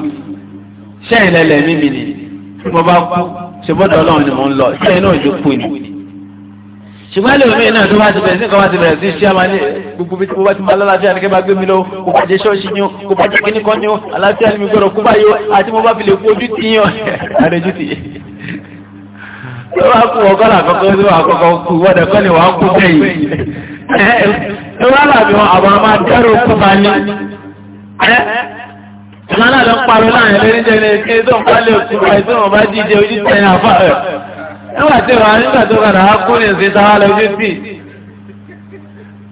ṣẹ́yìn lẹ́lẹ̀ mímì ni tí mo bá kú ṣe bọ́dọ̀ ọlọ́run ni mo ń lọ ṣẹ́yìn náà ìjókòó ni ṣùgbọ́n ẹlòmíì náà tó bá ti bẹ̀rẹ̀ sí nǹkan bá ti bẹ̀rẹ̀ sí ṣé àmà ní gbogbo bí wọ́n ti máa lọ́láfíà ní kẹ́bà gbémi lọ kò bá jẹ́ ṣọ́ọ̀ṣì ni ó kò bá jẹ́ kíní kan ni ó àlàáfíà ni mi gbọ́dọ̀ kó báyọ̀ àti mo bá fi lè kó ojú tì yàn àrẹ́jú tì yẹ. tó bá kú ọkọ làkọ́kọ́ tó wà kọ́kọ́ kú wọ́n dẹ̀kọ́ ni wàá kú kú bá ní nígbà tí wà nígbà tó kàdà á kú ní ìsìn táwa lójú tì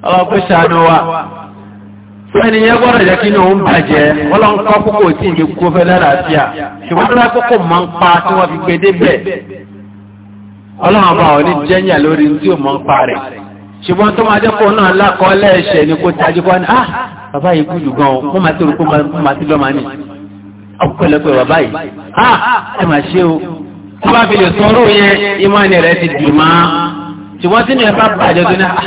ọlọ́pẹ́ ṣàánú wa fẹ́ni yẹn gbọ́dọ̀ jẹ́ kí ni òun bàjẹ́ ọlọ́run kọ́ kókò tí ìjẹ́ kó fẹ́ lálàáfíà ṣùgbọ́n tó bá kókò máa ń pa tí wọ́n fi gbé débẹ̀ ọlọ́run àbá ò ní jẹ́yà lórí tí ò máa ń pa rẹ̀ ṣùgbọ́n tó máa jẹ́ náà lákọ́ọ́lẹ̀ ẹ̀ṣẹ̀ ni kó tajú kọ́ ni ah bàbá yìí kú jù gan o mo máa ti rò pé mo máa ti lọ́ọ́ máa nì ọ̀pọ̀lọpọ̀ bàbá yìí ah ẹ máa ṣe o tó bá fi lè sọrú yẹn ìmọ̀ni rẹ̀ ti dì má ṣùgbọ́n tí ni ẹ bá bàjẹ́ tó ní ah,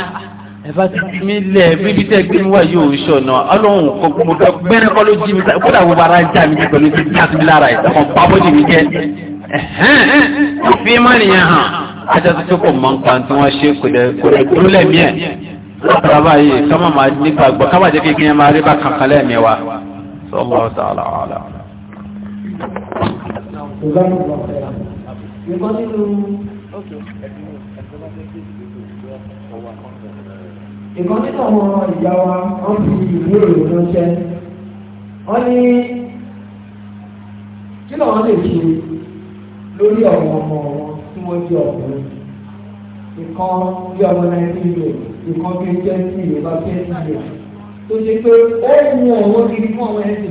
ẹ bá ti mi lẹ̀ bíbi tẹ́ gbé mi wá yóò ṣọ̀nà ọlọ́run kò mo dọ̀ gbẹ́rẹ́ kọ́ ló jí mi kódà gbogbo ara ń já mi pẹ̀lú ti dá mi lára ẹ̀ tọkàn pàbọ́dì mi jẹ́ fi ìmọ̀ni yẹn hàn ajá tó tó kò mọ̀ nǹkan tí wọ́n ṣe kò dẹ̀ dúró lẹ́mí ẹ̀ lọ́pàá báyìí kọ́mọ̀ máa nígbàgbọ́ kábàjẹ́ kékeré máa rí bá kankan lẹ́mí wa sọ́ọ́ nǹkan nínú. nǹkan nínú àwọn ìyá wa wọ́n fi ìwé ìròyìn ránṣẹ́ wọ́n ní kí làwọn lè ṣe lórí ọ̀rọ̀ ọmọ wọn tí wọ́n jẹ́ ọkùnrin nǹkan bí ọmọ nàìjíríà nǹkan bí ẹgbẹ́ sí ìrọ̀lá bẹ́ẹ̀ sí tó ṣe pé ó mú ọ̀wọ́ gidi fún ọmọ ẹni tó